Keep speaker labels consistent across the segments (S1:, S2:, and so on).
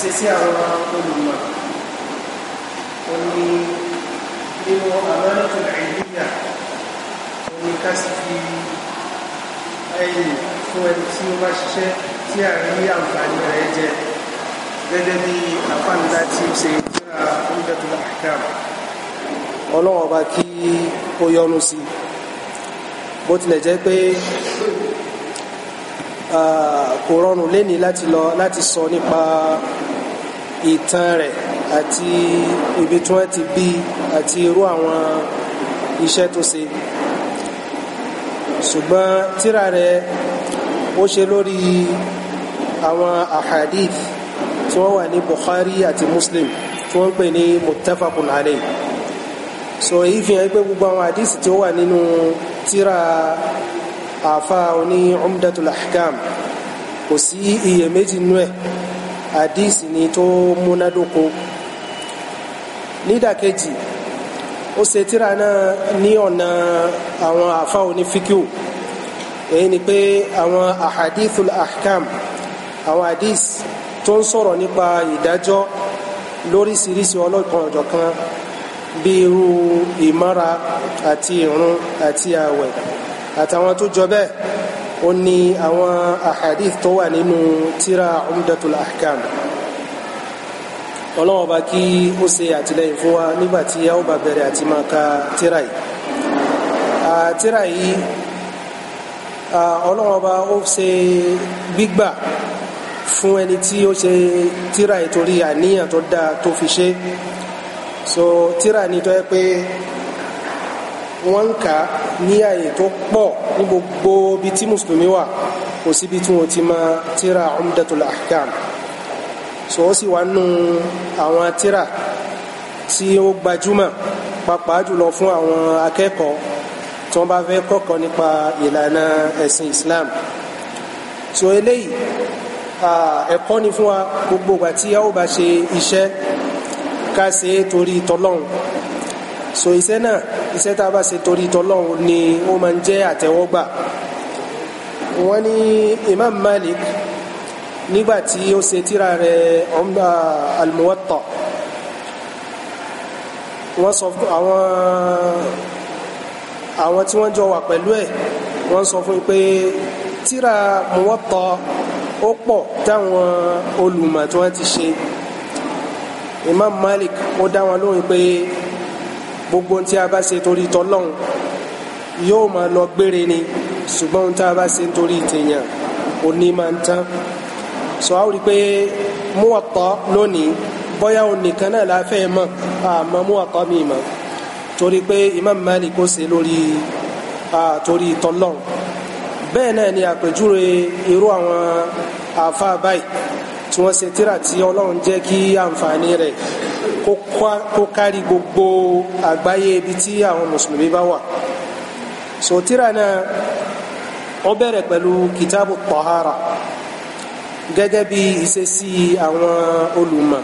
S1: ìṣesí àwọn olùmọ̀ ó ní nínú àmọ́nàtò ìlúyà ó ní ká sì fi ẹ̀yìn fún ẹni tí ó bá ṣiṣẹ́ tí a rí àǹfààní rẹ̀ jẹ gẹ́gẹ́ bí àfáànlá tí ó ṣe tíra oúnjẹ́tò àkàrà ọlọ́wọ́ bá kí ó yọ́nú sí bó tilẹ̀ jẹ́ pé ah, kò rọrùn léni láti sọ nípa ìtàn rẹ̀ àti ibi tí wọ́n ti bí àti irú àwọn iṣẹ́ tó ṣe ṣùgbọ́n tírà rẹ̀ ó ṣe lórí àwọn ahadith tí wọ́n wà ní Bukhari àti Muslim tí wọ́n pè ní muttafaqun alayh so èyí fi hàn pé gbogbo àwọn àdísì tí ó wà nínú tírà àfa oní Umdatul Ahkam kò sí iyèméjì nú ẹ̀ àdíìsì ni tó múnádóko nídàkejì ó ṣe tíra náà ní ọ̀nà àwọn àfa onífíkíù èyí ni pé àwọn ahadithul ahkam àwọn àdíìs tó ń sọ̀rọ̀ nípa ìdájọ́ lóríṣiríṣi ọlọ́kan ọ̀jọ̀kan bí irú ìmọ́ra àti ìrun àti àwẹ̀ àtàwọn tó jọ bẹ́ẹ̀ ó ní àwọn ahadith tó wà nínú tírà umdatul ahkam ọlọ́wọ́n bá kí ó ṣe àtìlẹ́yìn fún wa nígbà tí a ó bá bẹ̀rẹ̀ àti máa ka tírà yìí tírà yìí ọlọ́wọ́n bá ó ṣe gbígbà fún ẹni tí ó ṣe tírà yìí torí àníyàn tó dáa tó fi ṣe so tírà ni tó yẹ pé wọ́n ń kà ní àyè tó pọ̀ ní gbogbo ibi tí mùsùlùmí wà kò síbi tí wọ́n ti máa tíra Umdatul Ahkam so ó sì wà nù àwọn tíra tí ó gbajúmọ̀ pàápàá jùlọ fún àwọn akẹ́kọ̀ọ́ tí wọ́n bá fẹ́ kọ́kọ́ nípa ìlànà ẹ̀sìn Islam so eléyìí ẹ̀kọ́ ni fún wa gbogbo ìgbà tí a ó bá ṣe iṣẹ́ ká ṣe é torí tọlọ́run so iṣẹ́ náà iṣẹ́ tá a bá ṣe torí tọlọ́run ni ó máa ń jẹ́ àtẹ́wọ́gbà wọ́n ní Imam Malik nígbà tí ó ṣe tírà rẹ̀ ọmọdé Al-Muwatta wọ́n sọ fún àwọn àwọn tí wọ́n jọ wà pẹ̀lú ẹ̀ wọ́n sọ fún pé tírà Muwatta ó pọ̀ táwọn olùmọ̀ tí wọ́n ti ṣe Imam Malik ó dá wọn lóhùn pé gbogbo tí a bá ṣe torí tọlọ́hun yóò máa lọ gbére ni ṣùgbọ́n ohun tí a bá ṣe nítorí ìtẹ̀yàn òní máa ń tán sọ á rí i pé Muwatta lónìí bóyá òun nìkan náà la mọ̀ àmọ́ Muwatta mi mọ̀ torí pé Imam Malik kò ṣe lórí torí tọlọ́hun bẹ́ẹ̀ náà ni àpèjúwe irú àwọn àfa báyìí tí wọ́n ṣe tíra tí ọlọ́run jẹ́ kí àǹfààní rẹ̀ kó kárí gbogbo àgbáyé ibi tí àwọn mùsùlùmí bá wà so tíra náà ó bẹ̀rẹ̀ pẹ̀lú kìtàbù tọ́hárà gẹ́gẹ́ bí ìṣesí àwọn olùmọ̀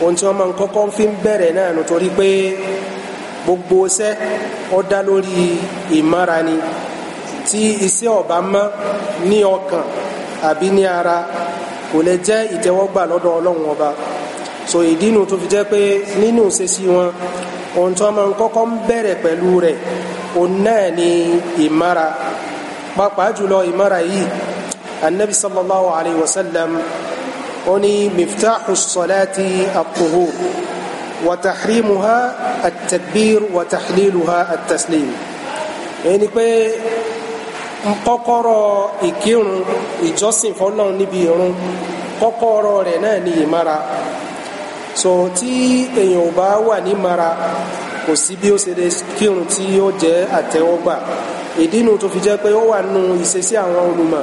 S1: ohun tí wọ́n máa ń kọ́kọ́ fi ń bẹ̀rẹ̀ náà nítorí pé gbogbo iṣẹ́ ó dá lórí ìmọ́ra tí iṣẹ́ ọ̀bá mọ́ ní ọkàn àbí ní ara kò lè jẹ́ ìtẹ́wọ́gbà lọ́dọ̀ ọlọ́run ọba so ìdínú tó fi jẹ́ pé nínú ìṣesí wọn ohun tí wọ́n máa ń kọ́kọ́ ń bẹ̀rẹ̀ pẹ̀lú rẹ̀ òun náà ni ìmára pàápàá jùlọ ìmára yìí anabi sallallahu alayhi wa sallam ó ní miftahu salati at-tuhur wa tahrimuha at-takbir wa tahliluha kọ́kọ́rọ́ ìkírun ìjọsìn fọ́lọ́run níbi ìrun kọ́kọ́rọ́ rẹ̀ náà ni ìmára so tí èèyàn ò bá wà ní mara kò sí bí ó ṣe lè kírun tí ó jẹ́ àtẹ́wọ́gbà ìdínú tó fi jẹ́ pé ó wà nù ìṣesí àwọn olùmọ̀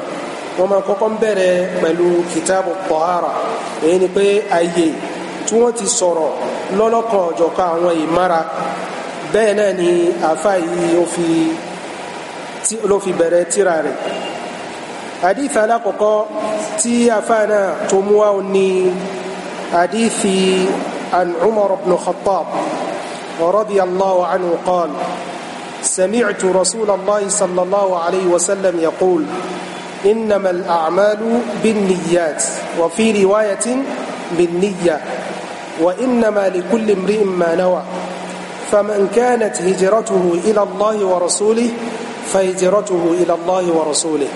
S1: wọ́n máa kọ́kọ́ ń bẹ̀rẹ̀ pẹ̀lú kìtàbù pọ̀hárà èyí ni pé ààyè tí wọ́n ti sọ̀rọ̀ lọ́lọ́kan ọ̀jọ̀kan àwọn ìmára bẹ́ẹ̀ náà ni àáfàá yìí ó fi ló fi bẹ̀rẹ̀ tírà rẹ̀ àdífà alákọ̀ọ́kọ́ tí afáànà tó mú عن عمر بن an Umar ibn Khattab radiyallahu anhu سمعت رسول الله صلى الله عليه وسلم يقول إنما الأعمال بالنيات وفي رواية بالنية وإنما لكل امرئ ما نوى فمن كانت هجرته إلى الله ورسوله فهجرته إلى الله ورسوله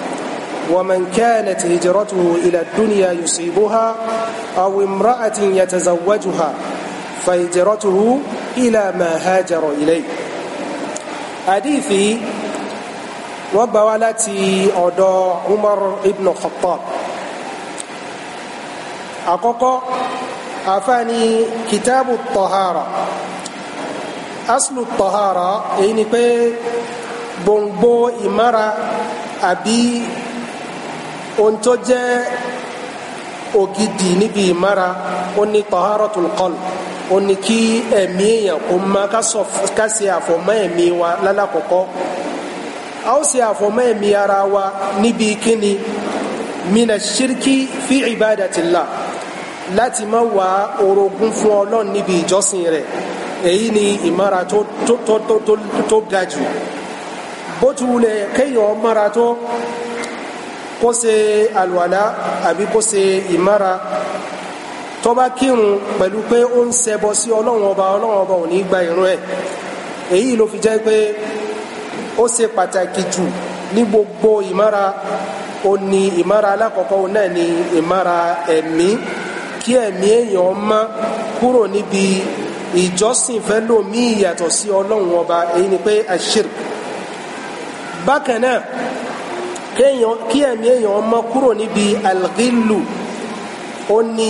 S1: ومن كانت هجرته إلى الدنيا يصيبها أو امرأة يتزوجها فهجرته إلى ما هاجر إليه حديثي وبوالتي أدى عمر بن الخطاب أقوى أفاني كتاب الطهارة أصل الطهارة يعني gbòǹgbò ìmára àbí ohun tó jẹ́ ògidì níbi ìmára ó ní taharatul qalb ó ní kí ẹ̀mí èèyàn kó má ká ṣe àfọ̀mọ́ ẹ̀mí wa lálàkọ̀kọ́ a ó ṣe àfọ̀mọ́ ẹ̀mí ara wa níbi kíni mina ṣírkì fi ìbádàtìlá láti má wà orogún fún ọlọ́run níbi ìjọsìn rẹ̀ èyí ni ìmára tó ga bó ti wulẹ̀ kéèyàn mara tó kó ṣe àlùwàlá àbí kó ṣe ìmára tó bá kírun pẹ̀lú pé ó ń ṣẹbọ sí ọlọ́run ọba ọlọ́run ọba ò gba èyí ló fi jẹ́ pé ó se pàtàkì jù ní gbogbo o ó ní ìmára alákọ̀ọ́kọ́ náà ní ìmára ẹ̀mí kí ẹ̀mí èèyàn mọ́ kúrò níbi ìjọsìn fẹ́ ìyàtọ̀ sí ọlọ́run bákan náà kí ẹ̀mí èèyàn mọ́ kúrò níbi alghilu ó ní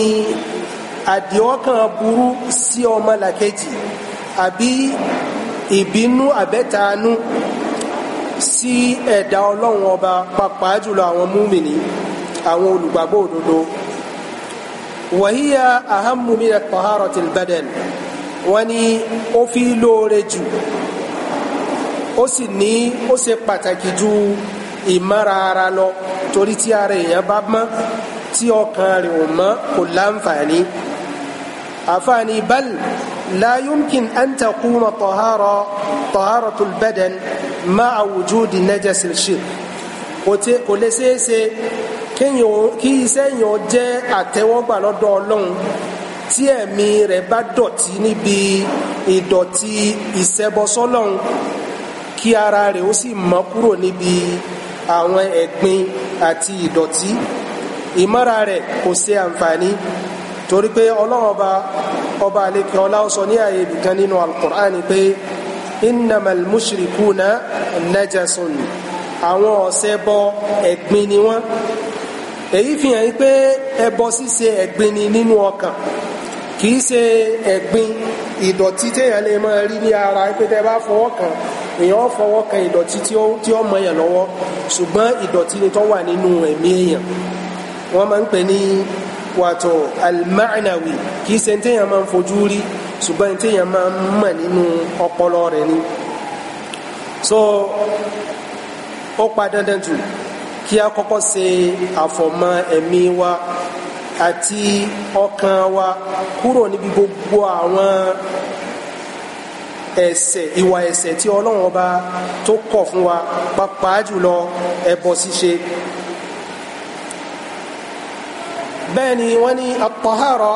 S1: àdìọ́kàn burú sí ọmọ làkejì àbí ìbínú àbẹ́tanú sí ẹ̀dá ọlọ́run ọba pàápàá jùlọ àwọn múmìnì àwọn olùgbàgbọ́ òdodo wàhíyà ahammu min wọ́n ní ó fi lóore jù ó sì ní ó ṣe pàtàkì ju ìmára ara lọ torí tí ara èèyàn bá mọ́ tí ọkàn rẹ̀ ò mọ́ kò láǹfààní àfààní bal la yumkin an taquma tahara taharatul badan ma'a wujudi najasil shirk kò lè ṣeéṣe kí iṣẹ́ yẹn jẹ́ àtẹ́wọ́gbà lọ́dọ̀ ọlọ́run tí ẹ̀mí rẹ̀ bá dọ̀tí níbi ìdọ̀tí ìṣẹbọsọ́lọ́run kí ara rẹ̀ ó sì mọ́ kúrò níbi àwọn ẹ̀gbin àti ìdọ̀tí ìmọ́ra rẹ̀ kò ṣe àǹfààní torí pé ọlọ́run ọba ọba àlekè ọlá ó sọ ní ààyè ibìkan nínú alukur'an pé innamal mushrikuna najasun àwọn ọ̀sẹ̀ bọ ẹ̀gbin ni wọ́n èyí fi hàn pé ẹbọ ṣíṣe ẹ̀gbin ni nínú ọkàn kìí ṣe ẹ̀gbin ìdọ̀tí téèyàn lè máa rí ní ara pé tẹ bá fọwọ́ kàn èèyàn fọwọ́ kan ìdọ̀tí tí ó mọ èèyàn lọ́wọ́ ṣùgbọ́n ìdọ̀tí ni tó wà nínú ẹ̀mí èèyàn wọ́n máa ń pè ní wàtò almanawi kì í ṣe téèyàn máa ń fojú rí ṣùgbọ́n téèyàn máa ń mọ̀ nínú ọpọlọ rẹ̀ ni so ó pa dandan jù kí a kọ́kọ́ ṣe àfọ̀mọ́ ẹ̀mí wa àti ọkàn wa kúrò níbi gbogbo àwọn ẹ̀ṣẹ̀ ìwà ẹ̀ṣẹ̀ tí Ọlọ́run ọba tó kọ̀ fún wa pàápàá jùlọ ẹbọ ṣíṣe bẹ́ẹ̀ ni wọ́n ní at-tahara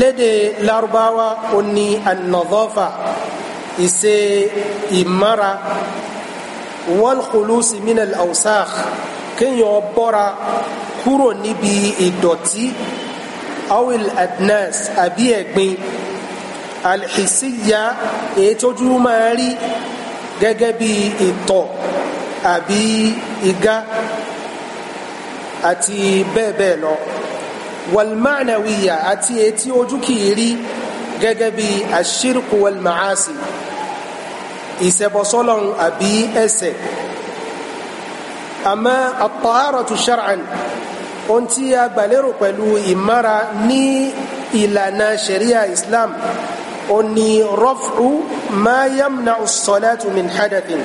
S1: lédè Lárúbáwá ó ní an-nadhafa ìṣe ìmára wal-khulus min al-awsakh kéèyàn bọ́ra kúrò níbi ìdọ̀tí awil adnas àbí ẹ̀gbin. E alhisiya èyí tójú máa rí gẹ́gẹ́ bí ìtọ̀ àbí igá àti bẹ́ẹ̀ bẹ́ẹ̀ lọ walmanawiya àti èyí tí ojú kìí rí gẹ́gẹ́ bí ashirku walmaasi ìṣẹbọsọ́lọ́n àbí ẹ̀ṣẹ̀ àmọ́ at-taharatu ohun tí a gbàlérò pẹ̀lú ìmára ní ìlànà sharia islam ó ní rọ́fù máa yamna as-salatu min hadathin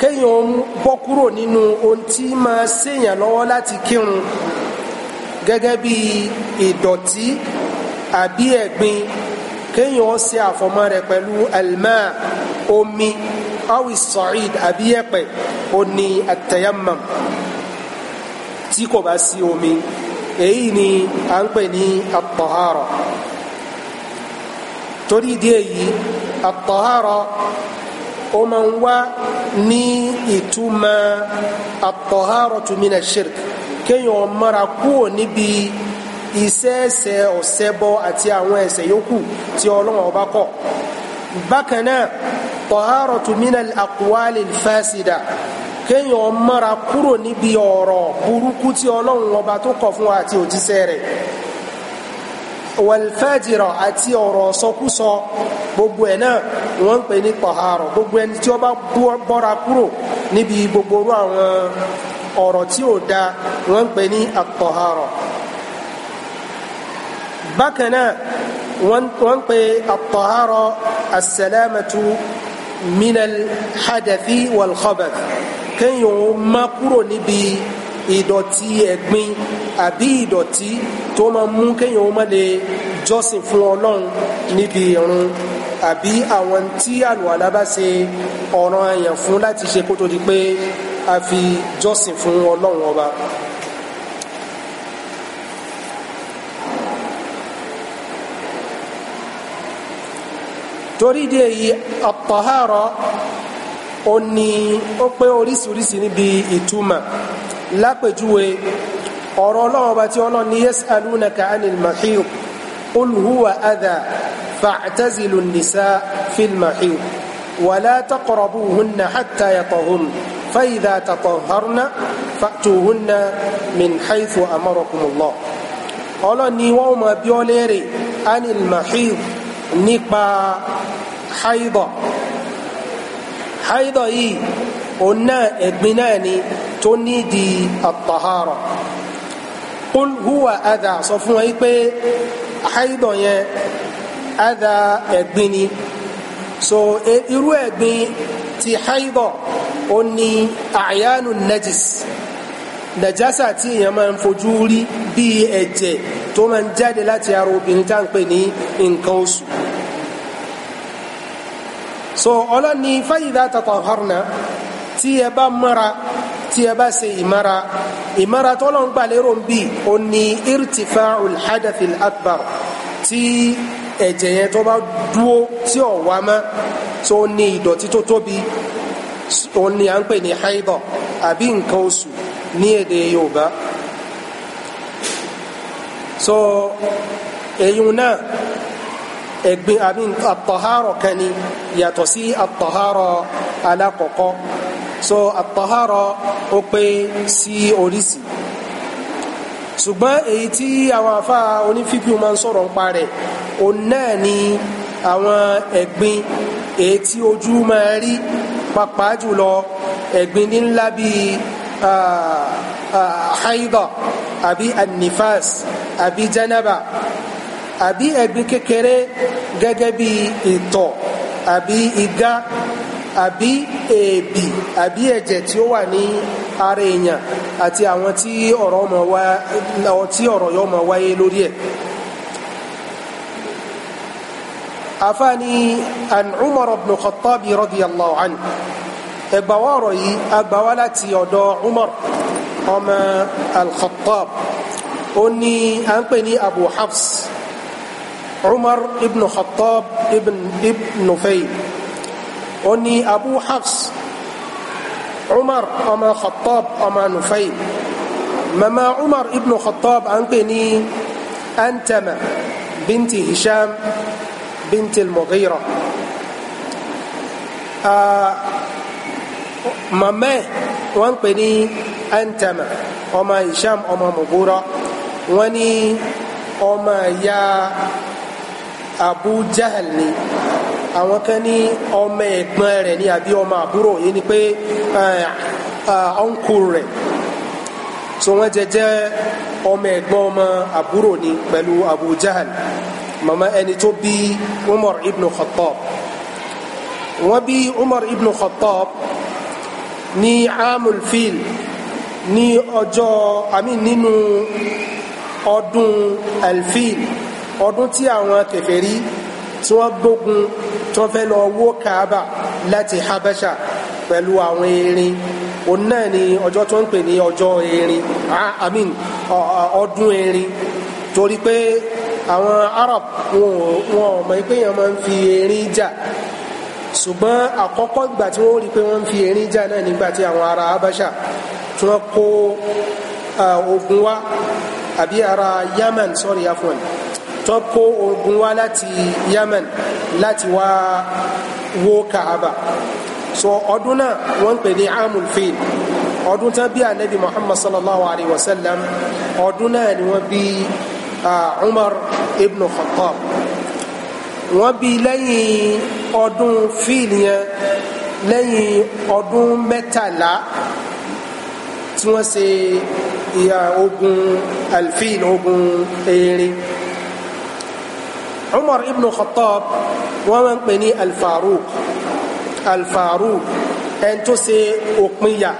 S1: kéèyàn bọ́ kúrò nínú ohun tí máa séèyàn lọ́wọ́ láti kírun gẹ́gẹ́ bí ìdọ̀tí àbí ẹ̀gbin kéèyàn ṣe àfọ̀mọ́ rẹ̀ pẹ̀lú alma omi awi sa'id àbí ẹ̀pẹ̀ ó ní at tí kò bá sí omi èyí ni à ń pè ní at torí ìdí èyí àtọ̀hárọ̀ ó máa ń wá ní ìtumọ̀ àtọ̀hárọ̀ tùmínà shirk kéèyàn mọ́ra kúrò níbi iṣẹ́ ẹ̀ṣẹ̀ ọ̀ṣẹbọ àti àwọn ẹ̀ṣẹ̀ yòókù tí ọlọ́run ọba kọ̀ bákan náà tọ̀hárọ̀ tùmínà àkúwálì fásidà kéèyàn mọ́ra kúrò níbi ọ̀rọ̀ burúkú tí ọlọ́run ọba tó kọ̀ fún wa àti òjíṣẹ́ rẹ̀ wàlfàjìrà àti ọ̀rọ̀ sọkúsọ gbogbo ẹ̀ náà wọ́n ń pè ní pàhárọ̀ gbogbo ẹni tí ó bá bọ́ra kúrò níbi gbogbo orú àwọn ọ̀rọ̀ tí ò da wọ́n ń pè ní àpọ̀hárọ̀ bákan náà wọ́n ń pè àpọ̀hárọ̀ àsẹ̀lẹ́mẹ̀tú minal hadafi wal khabath kéèyàn má kúrò níbi ìdọ̀tí ẹ̀gbin àbí ìdọ̀tí tó máa mú kéèyàn ó má lè jọ́sìn fún ọlọ́run níbi ìrun àbí àwọn tí àlùwàlá bá ṣe ọ̀ràn àyàn fún láti ṣe kó tó di pé a fi jọ́sìn fún ọlọ́run ọba. torí ìdí èyí àtọ̀hárọ̀ ó ní ó pé oríṣiríṣi níbi ìtumọ̀ lápèjúwe ọ̀rọ̀ ọlọ́run ọba tí ọlọ́run ní yas'alunaka anil mahir qul huwa adha fa'tazilu an-nisa fil mahir ولا تقربوهن حتى يطهرن فإذا تطهرن فأتوهن من حيث أمركم الله ọlọ́run ni wọ́n máa bi ọ́ léèrè anil mahid nípa haidọ̀ haidọ̀ yìí òun náà ẹ̀gbin náà ni tó nídìí àtàhárọ̀ qul huwa adà sọ fún wọn pé haidọ̀ yẹn adà ẹ̀gbin ni so e, irú ẹ̀gbin ti haidọ̀ ó ní àyánu najis nàjásà tí èèyàn máa ń fojú rí bíi ẹ̀jẹ̀ tó máa ń jáde láti ara obìnrin tá à ń pè ní nǹkan oṣù so ọlọ́ni fáyidá tataharna tí ẹ bá mọ́ra tí ẹ bá ṣe ìmára ìmára tọ́lọ̀ ń gbàlérò ń bì ó ní irtifa'ul hadathil akbar tí ẹ̀jẹ̀ yẹn tó bá dúó tí ọ̀ wá mọ́ tó ní ìdọ̀tí tó tóbi tó ní à ń pè ní haidọ̀ àbí nǹkan oṣù ní èdè Yorùbá so èyún náà ẹ̀gbin àbí àtọ̀hárọ̀ kan ni yàtọ̀ sí àtọ̀hárọ̀ alákọ̀ọ́kọ́ so àtọ̀hárọ̀ ó pé sí oríṣi ṣùgbọ́n èyí tí àwọn afá onífíkì máa ń sọ̀rọ̀ nípa rẹ̀ òun náà ni àwọn ẹ̀gbin èyí tí ojú máa rí pàápàá jùlọ ẹ̀gbin ní ńlá bíi haida àbí anifas àbí janaba àbí ẹ̀gbin kékeré gẹ́gẹ́ bíi ìtọ̀ àbí igá àbí èébì àbí ẹ̀jẹ̀ tí ó wà ní ara èèyàn àti àwọn tí ọ̀rọ̀ ọmọ wá tí ọ̀rọ̀ yóò máa wáyé lórí ẹ̀ afáàní an Umar ibn Khattab radiyallahu anhu ẹgbàwọ́ ọ̀rọ̀ yìí agbàwá láti ọ̀dọ̀ Umar ọmọ al-Khattab ó ní à ń pè ní Abu Hafs Umar ibn Khattab ibn ibn Nufayl ó ní abu hafs umar ọmọ khattab ọmọ nufayl mama umar ibn khattab à ń pè ní antama binti hisham binti al-mughira mama wọ́n pè ní antama ọmọ hisham ọmọ mughira wọ́n ní ọmọ ya abu jahal ni àwọn kan ní ọmọ ẹ̀gbọ́n rẹ̀ ní àbí ọmọ àbúrò yìí ni pé ọ̀nkù eh, eh, rẹ̀ so wọ́n jẹ jẹ́ ọmọ ẹ̀gbọ́n ọmọ àbúrò ni pẹ̀lú Abu Jahal màmá ẹni tó bí Umar ibn Khattab wọ́n bí Umar ibn Khattab ní amul fil ní ọjọ́ àmì nínú ọdún alfil ọdún tí àwọn kèfèrí tí wọ́n gbógun tó fẹ́ lọ wó kaaba láti habasha pẹ̀lú àwọn erin òun náà ni ọjọ́ tó ń pè ní ọjọ́ erin i mean ọdún erin torí pé àwọn arab wọn ò mọ̀ pé èèyàn máa ń fi erin jà ṣùgbọ́n àkọ́kọ́ ìgbà tí wọ́n rí pé wọ́n ń fi erin jà náà nígbà tí àwọn ará habasha tí wọ́n kó ogun wá àbí ará yaman sorry afwan tó kó ogun wá láti Yemen láti wá wó Kaaba so ọdún náà wọ́n ń pè ní amul fil ọdún tán bí anabi Muhammad sallallahu alayhi wa sallam ọdún náà ni wọ́n bí Umar ibn Khattab wọ́n bí lẹ́yìn ọdún fil yẹn lẹ́yìn ọdún mẹ́tàlá tí wọ́n ṣe ogun alfil ogun erin. Umar ibn Khattab wọ́n máa ń pè ní al-Faruq al-Faruq ẹni tó ṣe òpinya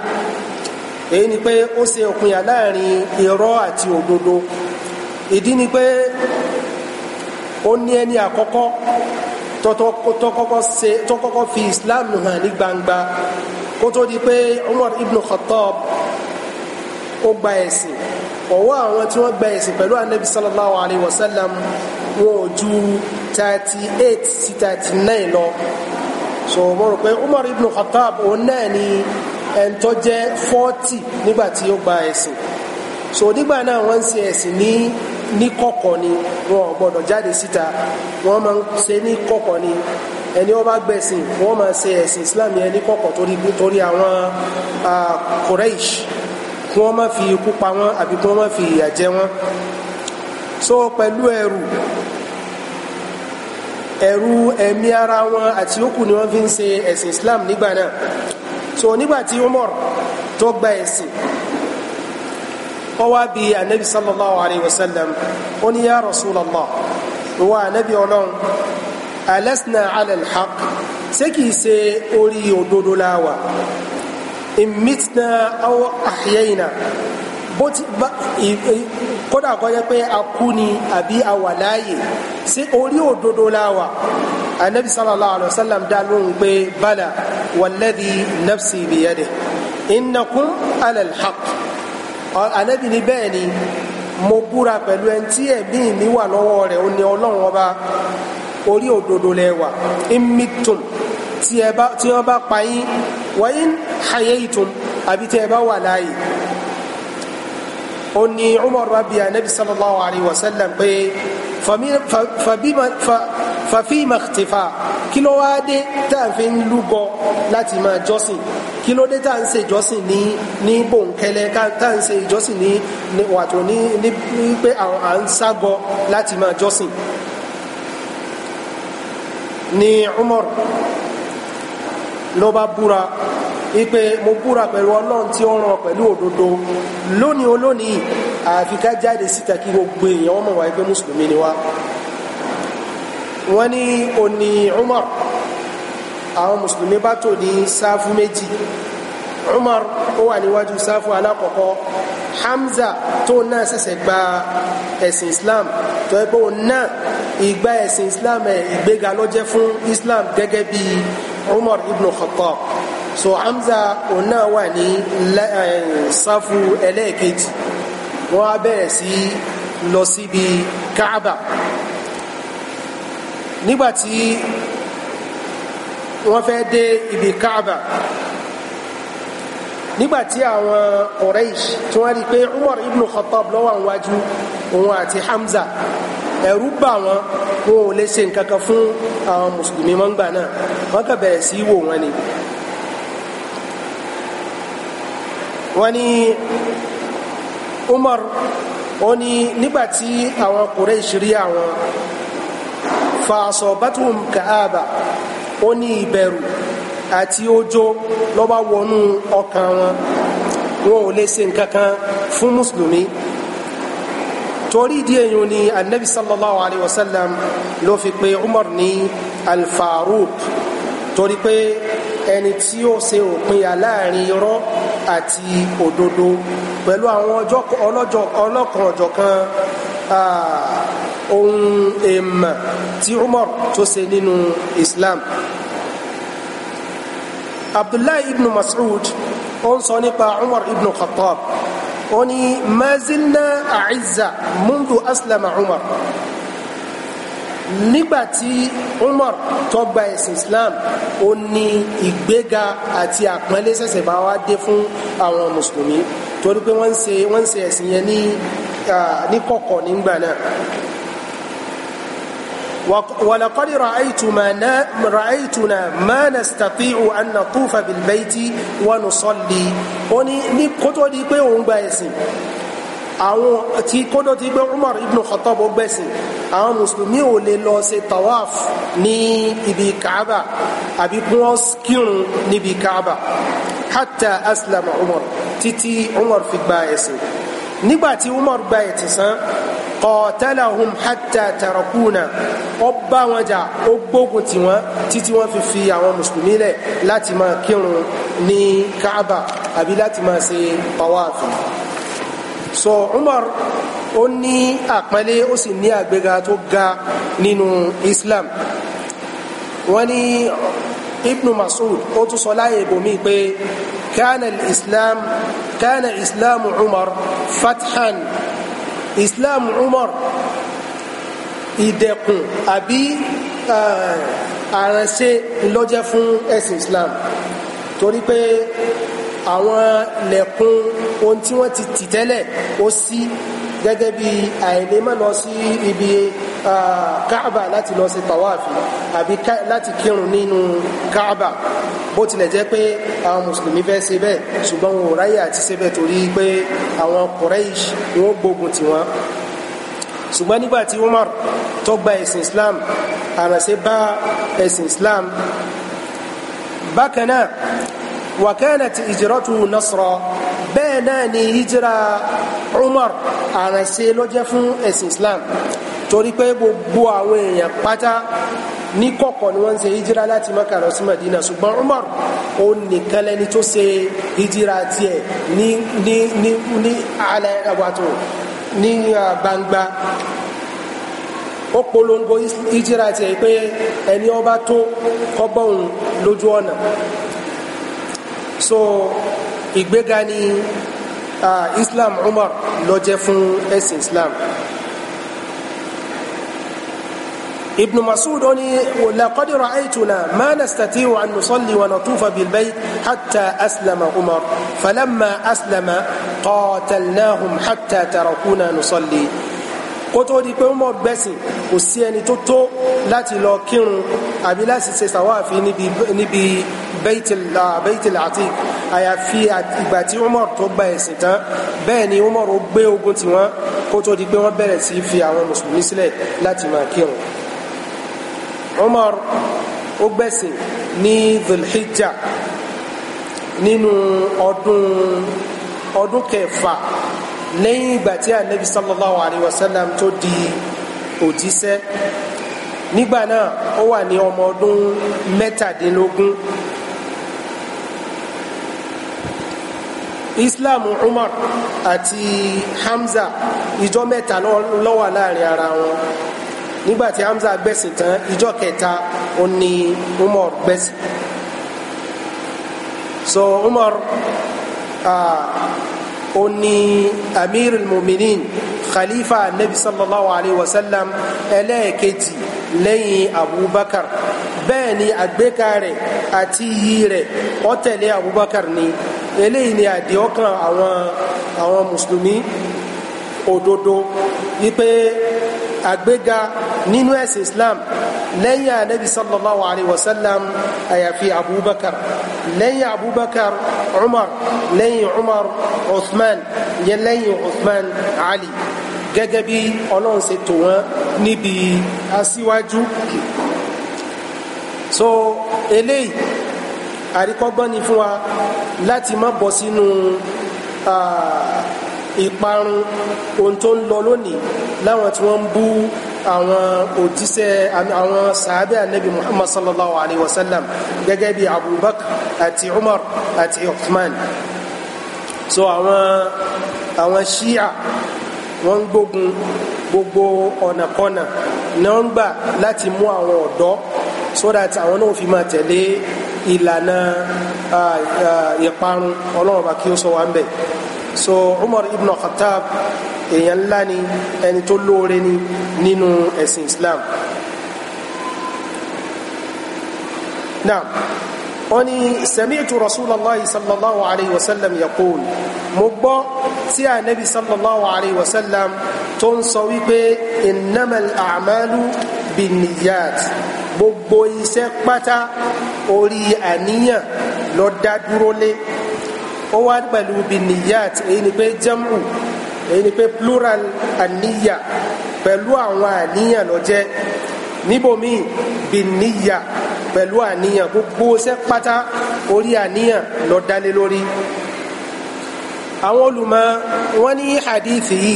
S1: èyí ni pé ó ṣe òpinya láàrin irọ́ àti òdodo ìdí ni pé ó ní ẹni àkọ́kọ́ tó kọ́kọ́ fi Islam hàn ní gbangba kó tó di pé Umar ibn Khattab ó gba ẹ̀sìn ọwọ́ àwọn tí wọ́n gba ẹ̀sìn pẹ̀lú anabi sallallahu alayhi wa sallam wọn ju thirty eight sí thirty nine lọ so mo rò pé Umar ibn Khattab òun náà ni ẹ̀ńtọ́ jẹ́ forty nígbà tí ó gba ẹ̀sìn so nígbà náà wọ́n ń ṣe ẹ̀sìn ní ní kọ̀kọ̀ ni wọn ò gbọ́dọ̀ jáde síta wọ́n máa ń ṣe ní kọ̀kọ̀ ni ẹni ó bá gbẹ̀sìn wọ́n máa ṣe ẹ̀sìn Islam yẹn ní kọ̀kọ̀ torí torí àwọn ah, Quraysh kí wọ́n má fi ikú pa wọ́n àbí kí wọ́n má fi ìyà jẹ wọ́n so pẹ̀lú ẹrù ẹrù ẹ̀mí ara wọn àti òkú ni wọ́n fi ń ṣe ẹ̀sìn Islam nígbà náà so nígbà tí Umar tó gba ẹ̀sìn ó wá bi anabi sallallahu alayhi wa sallam ó ní ya Rasulallah wa anabi Ọlọ́run alasna ala alhaq ṣé kìí ṣe orí òdodo láwà imitna aw ahyayna bó ti kódà kó jẹ́ pé a kú ni àbí a wà láàyè sí orí òdodo láwà anabi sallallahu alayhi wa sallam dá lóhùn pé bala walladhi nafsi biyadihi innakum ala alhaq anabi ni bẹ́ẹ̀ ni mo búra pẹ̀lú ẹni tí ẹ̀mí mi wà lọ́wọ́ rẹ̀ ó ní ọlọ́run ọba orí òdodo lẹ́wà imitun tí wọ́n bá pa yín in hayaytum àbí tí ẹ bá wà láàyè ó ní Umar rabi anabi sallallahu alayhi wa sallam pé fàfíìmà tìfà kí ló wá dé tá à ń fi ń lúgọ láti máa jọ́sìn kí ló dé tá à ń ṣe ìjọ́sìn ní ní bòńkẹ́lẹ́ tá à ń ṣe ìjọ́sìn ní wàtò ní ní pé à ń ságọ láti máa jọ́sìn ní Umar ló bá búra ipe mo búra pẹ̀lú ọlọ́run tí ó ràn pẹ̀lú òdodo lónìí olónìí àfi ká jáde síta kí gbogbo èèyàn ọmọ wa ẹgbẹ́ mùsùlùmí ni wá wọ́n ní òní Umar àwọn mùsùlùmí bá tò ní sáfù méjì Umar ó wà níwájú sáfù alákọ̀ọ́kọ́ Hamza tó náà ṣẹ̀ṣẹ̀ gba ẹ̀sìn Islam tó ẹgbẹ́ òun náà ìgbà ẹ̀sìn Islam ẹ̀ ìgbéga ló fún Islam gẹ́gẹ́ bí Umar ibn Khattab so Hamza òun náà wà ní eh, sáfù ẹlẹ́ẹ̀kejì wọ́n á bẹ̀rẹ̀ sí lọ síbi Káàbà nígbàtí wọ́n fẹ́ dé ibi Káàbà nígbàtí àwọn Quraish tí wọ́n rí pé Umar ibn Khattab lọ́wọ́ àwọn wájú òun àti Hamza ẹ̀rú bà wọn wọn ò lè ṣe nǹkan kan fún àwọn mùsùlùmí mọ́ngbà náà wọ́n kà bẹ̀rẹ̀ sí wò wọn ni wọ́n ní Umar ó ní nígbàtí àwọn Quraysh rí àwọn fàṣọbátùm kàába ó ní ìbẹ̀rù àti ojó ló bá wọnú ọkàn wọn wọn ò lè ṣe nǹkankan fún mùsùlùmí torí ìdí èyí ni anabi sallallahu alayhi wa ló fi pè Umar ní alfaruk torí pé ẹni tí ó ṣe òpin yà irọ́ àti òdodo pẹ̀lú àwọn ọlọ́jọ́ ọlọ́kan ọ̀jọ̀kan ohun èèmà tí Umar tó ṣe nínú Islam Abdullahi ibn Mas'ud ó ń sọ nípa Umar ibn Khattab ó ní mazilna a'izza mundu aslama Umar nígbàtí Umar tó gba ẹ̀sìn Islam ó ní ìgbéga àti àpọ́nlé ṣẹ̀ṣẹ̀ bá wá dé fún àwọn mùsùlùmí torí pé wọ́n ń ṣe wọ́n ń ṣe ẹ̀sìn yẹn ní ní kọ̀kọ̀ nígbà náà ولقد رأيت ما رأيتنا ما نستطيع أن نطوف بالبيت ونصلي ó ní kó tó di àwọn tí kódó ti gbé Umar ibn Khattab gbẹ̀sìn àwọn mùsùlùmí ò lè lọ ṣe tawaf ní ibi kaaba àbí kí wọ́n kírun níbi kaaba hatta aslama Umar títí Umar fi gba ẹ̀sìn nígbàtí Umar gba ẹ̀tìsán qatalahum hatta tarakuna ó bá wọn jà ó gbógun tì wọ́n títí wọ́n fi fi àwọn mùsùlùmí lẹ̀ láti máa kírun ní kaaba àbí láti máa ṣe tawaf so Umar ó ní àpẹẹlẹ ó sì ní àgbéga tó ga nínú Islam wọ́n ní Ibn Mas'ud ó tún sọ láyé ibòmí pé كان الإسلام كان إسلام عمر فتحا إسلام عمر ìdẹ̀kùn àbí eh, àránṣe ló jẹ́ fún ẹ̀sìn Islam torí pé àwọn lẹ̀kùn ohun tí wọ́n ti tì tẹ́lẹ̀ ó ṣí gẹ́gẹ́ bí àìlè má lọ sí ibi káàbà láti lọ sí tàwáàfì àbí láti kírun nínú káàbà bó tilẹ̀ jẹ́ pé àwọn mùsùlùmí fẹ́ ṣe bẹ́ẹ̀ ṣùgbọ́n wọn ò ráyè àti ṣe bẹ́ẹ̀ torí pé àwọn Quraysh wọn gbógun tì ṣùgbọ́n nígbà tí Umar tó gba ẹ̀sìn Islam àrànṣe bá ẹ̀sìn Islam bákan náà وكانت هجرته نصرا باناني هجرة عمر على سيلو جفن الإسلام torí pé gbogbo àwọn èèyàn pátá ní kọ̀kọ̀ ni wọ́n ń ṣe hijira láti Maka lọ sí Madina ṣùgbọ́n Umar ó nìkan lẹni tó ṣe hijira tiẹ̀ ní ní ní ní alẹ́ àwàtò ní gbangba ó polongo hijira tiẹ̀ pé ẹni ọba tó kọ́gbọ́n lójú ọ̀nà so ìgbéga ni uh, Islam Umar ló jẹ́ fún ẹ̀sìn Islam Ibn Mas'ud ó ní laqad ra'aytuna ma nastati'u an nusalli wa natufa bil bayt hatta aslama Umar falamma aslama qatalnahum hatta tarakuna nusalli kó tó di pé Umar gbẹ̀sìn kò sí ẹni tó tó láti lọ kírun àbí láti ṣe sàwáàfí níbi Baitul Atiq àyàfi ìgbà tí Umar tó gba ẹ̀sìn tán bẹ́ẹ̀ ni Umar gbé ogun tí wọ́n kó tó di pé wọ́n bẹ̀rẹ̀ sí fi àwọn mùsùlùmí sílẹ̀ láti máa kírun Umar ó gbẹ̀sìn ní dhul nínú ọdún kẹfà lẹ́yìn ìgbà tí anabi sallallahu alayhi wa sallam tó di òjíṣẹ́ nígbà náà ó wà ní ọmọ ọdún mẹ́tàdínlógún islam umar àti hamza ìjọ mẹ́ta ló wà láàrin ara wọn nígbà tí hamza gbẹ̀sìn tán ìjọ kẹta ó ní umar gbẹ̀sìn so umar. Uh, ó ní amirul muminin khalifa nabi sallallahu alayhi wa sallam ẹlẹ́ẹ̀kejì lẹ́yìn abubakar bẹ́ẹ̀ ni àgbékà rẹ̀ àti iyì rẹ̀ ó tẹ̀lé abubakar ni eléyìí ni àdìọ́kàn àwọn àwọn mùsùlùmí òdodo wípé àgbéga nínú ẹ̀sìn islam lẹ́yìn anabi sallallahu alayhi wa sallam àyàfi abubakar lẹ́yìn abubakar umar lẹ́yìn umar usman yẹn lẹ́yìn usman ali gẹ́gẹ́ bí ọlọ́run ṣe tò wọ́n níbi aṣíwájú so eléyìí àríkọ́gbọ́n ni fún wa láti má bọ́ sínú ìparun ohun tó ń lọ lónìí láwọn tí wọ́n ń bú àwọn òjíṣẹ́ àwọn sàábẹ́ anabi muhammad sallallahu alayhi wa sallam gẹ́gẹ́ bí abubakar àti umar àti uthman so àwọn àwọn shia wọ́n gbógun gbogbo ọ̀nàkọ́nà ni wọ́n gbà láti mú àwọn ọ̀dọ́ so that àwọn náà fi máa tẹ̀lé ìlànà ìparun ọlọ́run kí ó sọ wá ń bẹ̀ so umar ibn khattab èèyàn ńlá ni ẹni tó lóore ni nínú ẹ̀sìn Islam náà wọ́n ní sami'tu rasulallah sallallahu alayhi wa sallam yaqul mo gbọ́ tí ànábi sallallahu alayhi wa sallam tó ń sọ wípé innamal a'malu binniyat gbogbo iṣẹ́ pátá orí àníyàn ló dá dúró lé ó wá pẹ̀lú binniyat èyí ni pé jam'u èyí ni pé plural àníyà pẹ̀lú àwọn àníyàn ló jẹ́ níbòmíì bí níyà pẹ̀lú àníyàn gbogbo ṣẹ́ pátá orí àníyàn ló dálé lórí àwọn olùmọ̀ wọ́n ní hadith yìí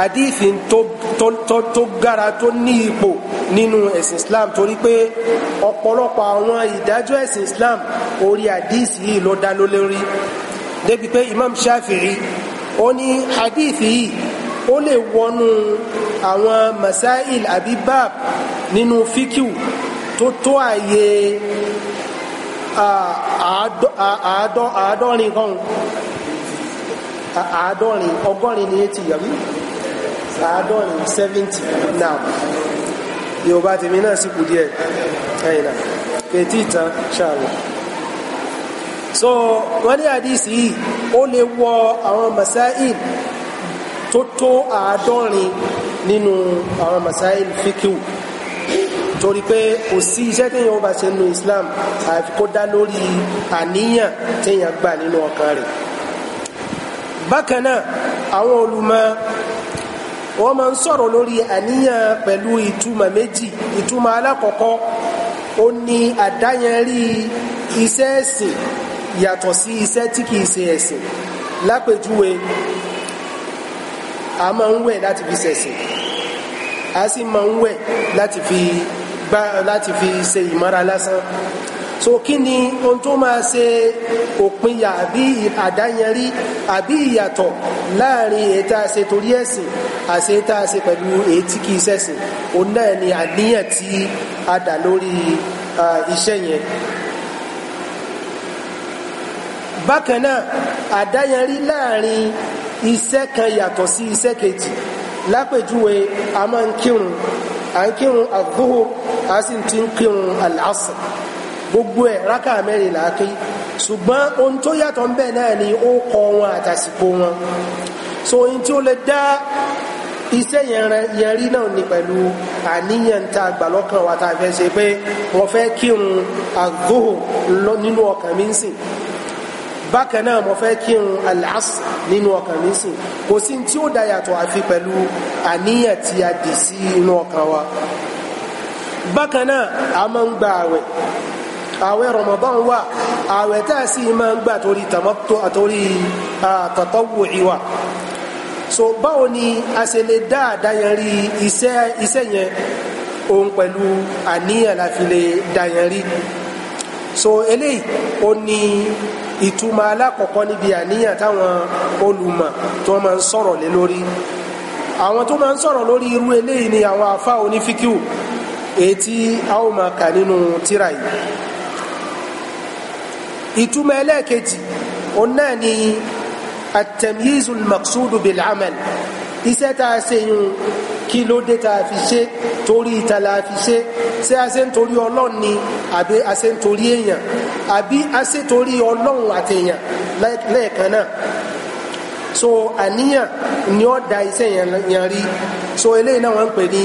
S1: hadith tó tó tó ní ipò nínú ẹ̀sìn islam torí pé ọ̀pọ̀lọpọ̀ àwọn ìdájọ́ ẹ̀sìn islam orí hadith yìí ló dá lórí débi pé imam shafi'i ó ní hadith yìí ó lè wọnú àwọn masail àbí bab nínú fíkìw tó tó àyè àádọ́rin kan àádọ́rin ọgọ́rin ní etí yàrá àádọ́rin seventy now yorùbá tèmi náà sì kù díẹ̀ ẹ̀yìn kẹtí ìtàn ṣáà so wọ́n ní àdìsí yìí ó lè wọ àwọn masáìl tó tó àádọ́rin nínú àwọn masáìl fíkíwù torí pé kò sí iṣẹ́ téèyàn ó bá ṣe nínú Islam àfi kó dá lórí àníyàn téèyàn gbà nínú ọkàn rẹ̀ bákan náà àwọn olùmọ̀ wọ́n máa ń sọ̀rọ̀ lórí àníyàn pẹ̀lú ìtumọ̀ méjì ìtumọ̀ alákọ̀ọ́kọ́ ó ní àdáyẹnrí iṣẹ́ ẹ̀sìn yàtọ̀ sí iṣẹ́ tí kìí ṣe ẹ̀sìn lápèjúwe a máa ń wẹ̀ láti fi ṣẹ̀sìn a sì máa ń wẹ̀ láti fi gbá láti fi ṣe ìmọ́ra lásán so kí ni ohun tó máa ṣe òpinya àbí àdáyanrí àbí ìyàtọ̀ láàrin èyí tá a ṣe torí ẹ̀sìn àti èyí tá a ṣe pẹ̀lú èyí tí kìí ṣẹ̀sìn òun náà ni àníyàn tí a dà lórí iṣẹ́ yẹn bákan náà àdáyanrí láàrin iṣẹ́ kan yàtọ̀ sí iṣẹ́ kejì lápèjúwe a máa ń kírun à ń kírun àdúhù a sì ti ń kírun àlásì gbogbo ẹ̀ rákà mẹ́rin làákí ṣùgbọ́n ohun tó yàtọ̀ ń bẹ náà ni ó kọ wọn àtàsìkò wọn so ohun tí ó lè dá iṣẹ́ yẹn rí náà ni pẹ̀lú àníyàn tá a wa tá fẹ́ ṣe pé wọ́n fẹ́ kírun àdúhù nínú ọkàn mi ń sìn bákan náà mo fẹ́ kírun alas nínú ọkàn mi sìn kò sí tí ó dá yàtọ̀ àfi pẹ̀lú àníyàn tí a dì sí inú ọkàn wa bákan náà a máa ń gba àwẹ̀ àwẹ̀ Ramadan wà àwẹ̀ tá a sì máa ń gbà torí tamattu àtorí ìwà so báwo ni a ṣe lè dá àdáyanrí iṣẹ́ iṣẹ́ yẹn òun pẹ̀lú àníyàn la fi lè dáyanrí so eléyìí ó ní ìtumọ̀ alákọ̀ọ́kọ́ níbi àníyàn táwọn olùmọ̀ tó máa ń sọ̀rọ̀ lé lórí àwọn tó máa ń sọ̀rọ̀ lórí irú eléyìí ni àwọn afá onífíkíù èyí tí a ó máa kà nínú tíra yìí ìtumọ̀ ẹlẹ́ẹ̀kejì òun ni at-tamyizul maqsudu iṣẹ́ tá a ṣe yun kí ló dé tá a fi ṣe torí ìta la fi ṣe ṣé a ṣe ń torí ọlọ́run ni àbí a ṣe ń torí èèyàn àbí a ṣe torí ọlọ́run àti èèyàn lẹ́ẹ̀kan náà so àníyàn ni ó da iṣẹ́ yẹn rí so eléyìí náà wọ́n ń pè ní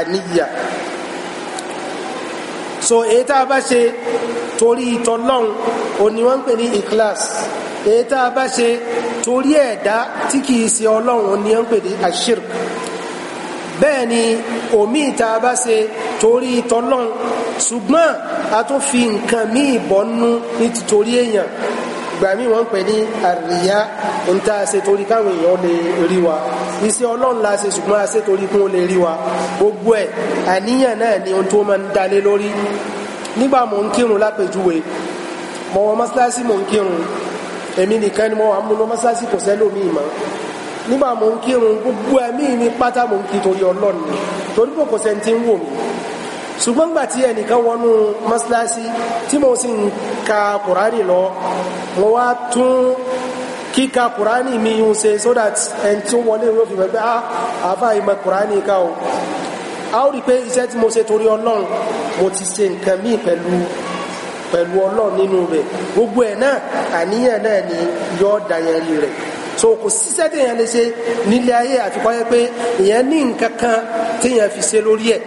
S1: àníyà so èyí tá a bá ṣe torí ìtọ́lọ́run òní wọ́n ń pè ní ìkíláàsì èyí tá a bá ṣe torí ẹ̀dá tí kìí ṣe ọlọ́run ni ó ń pè ní ashirk bẹ́ẹ̀ ni omi ìta bá ṣe torí tọlọ́run ṣùgbọ́n a tún fi nǹkan míì bọ́nú ní títorí èèyàn ìgbà míì wọ́n ń pè ní àríyá ń tá a ṣe torí káwọn èèyàn lè rí wa iṣẹ́ ọlọ́run la ṣe ṣùgbọ́n a ṣe torí kí wọ́n lè rí wa gbogbo ẹ̀ àníyàn náà ni ohun tó máa ń dalé lórí nígbà mò ń kírun lápèjúwe mọ̀wọ́ mọ́ṣáláṣí mò ń kírun èmi nìkan ni mo wà múlò mọ́sáàsì kò sẹ́lómìí mọ́ nígbà mo ń kírun gbogbo ẹ̀mí mi pátá mo ń kí torí ọlọ́run ni torí pé kò sẹ́ni tí ń wò mí ṣùgbọ́n gbà tí ẹnìkan wọnú mọ́sálásí tí mo sì ń ka kùránì lọ mo wá tún kíka kùránì mi ń ṣe so that ẹni tí ó wọlé yóò fi mọ̀ ah, àáfà ìmọ̀ kùránì ká o a ó rí i pé iṣẹ́ tí mo ṣe torí ọlọ́run mo ti ṣe nǹkan míì pẹ̀lú pẹ̀lú ọlọ́run nínú rẹ̀ gbogbo ẹ̀ náà àníyàn náà ni yọ́ dayẹ̀lì rẹ̀ so kò síṣẹ́ téèyàn lè ṣe nílé ayé àti kọ́ yẹ pé èèyàn ní nǹkan kan téèyàn fi ṣe lórí ẹ̀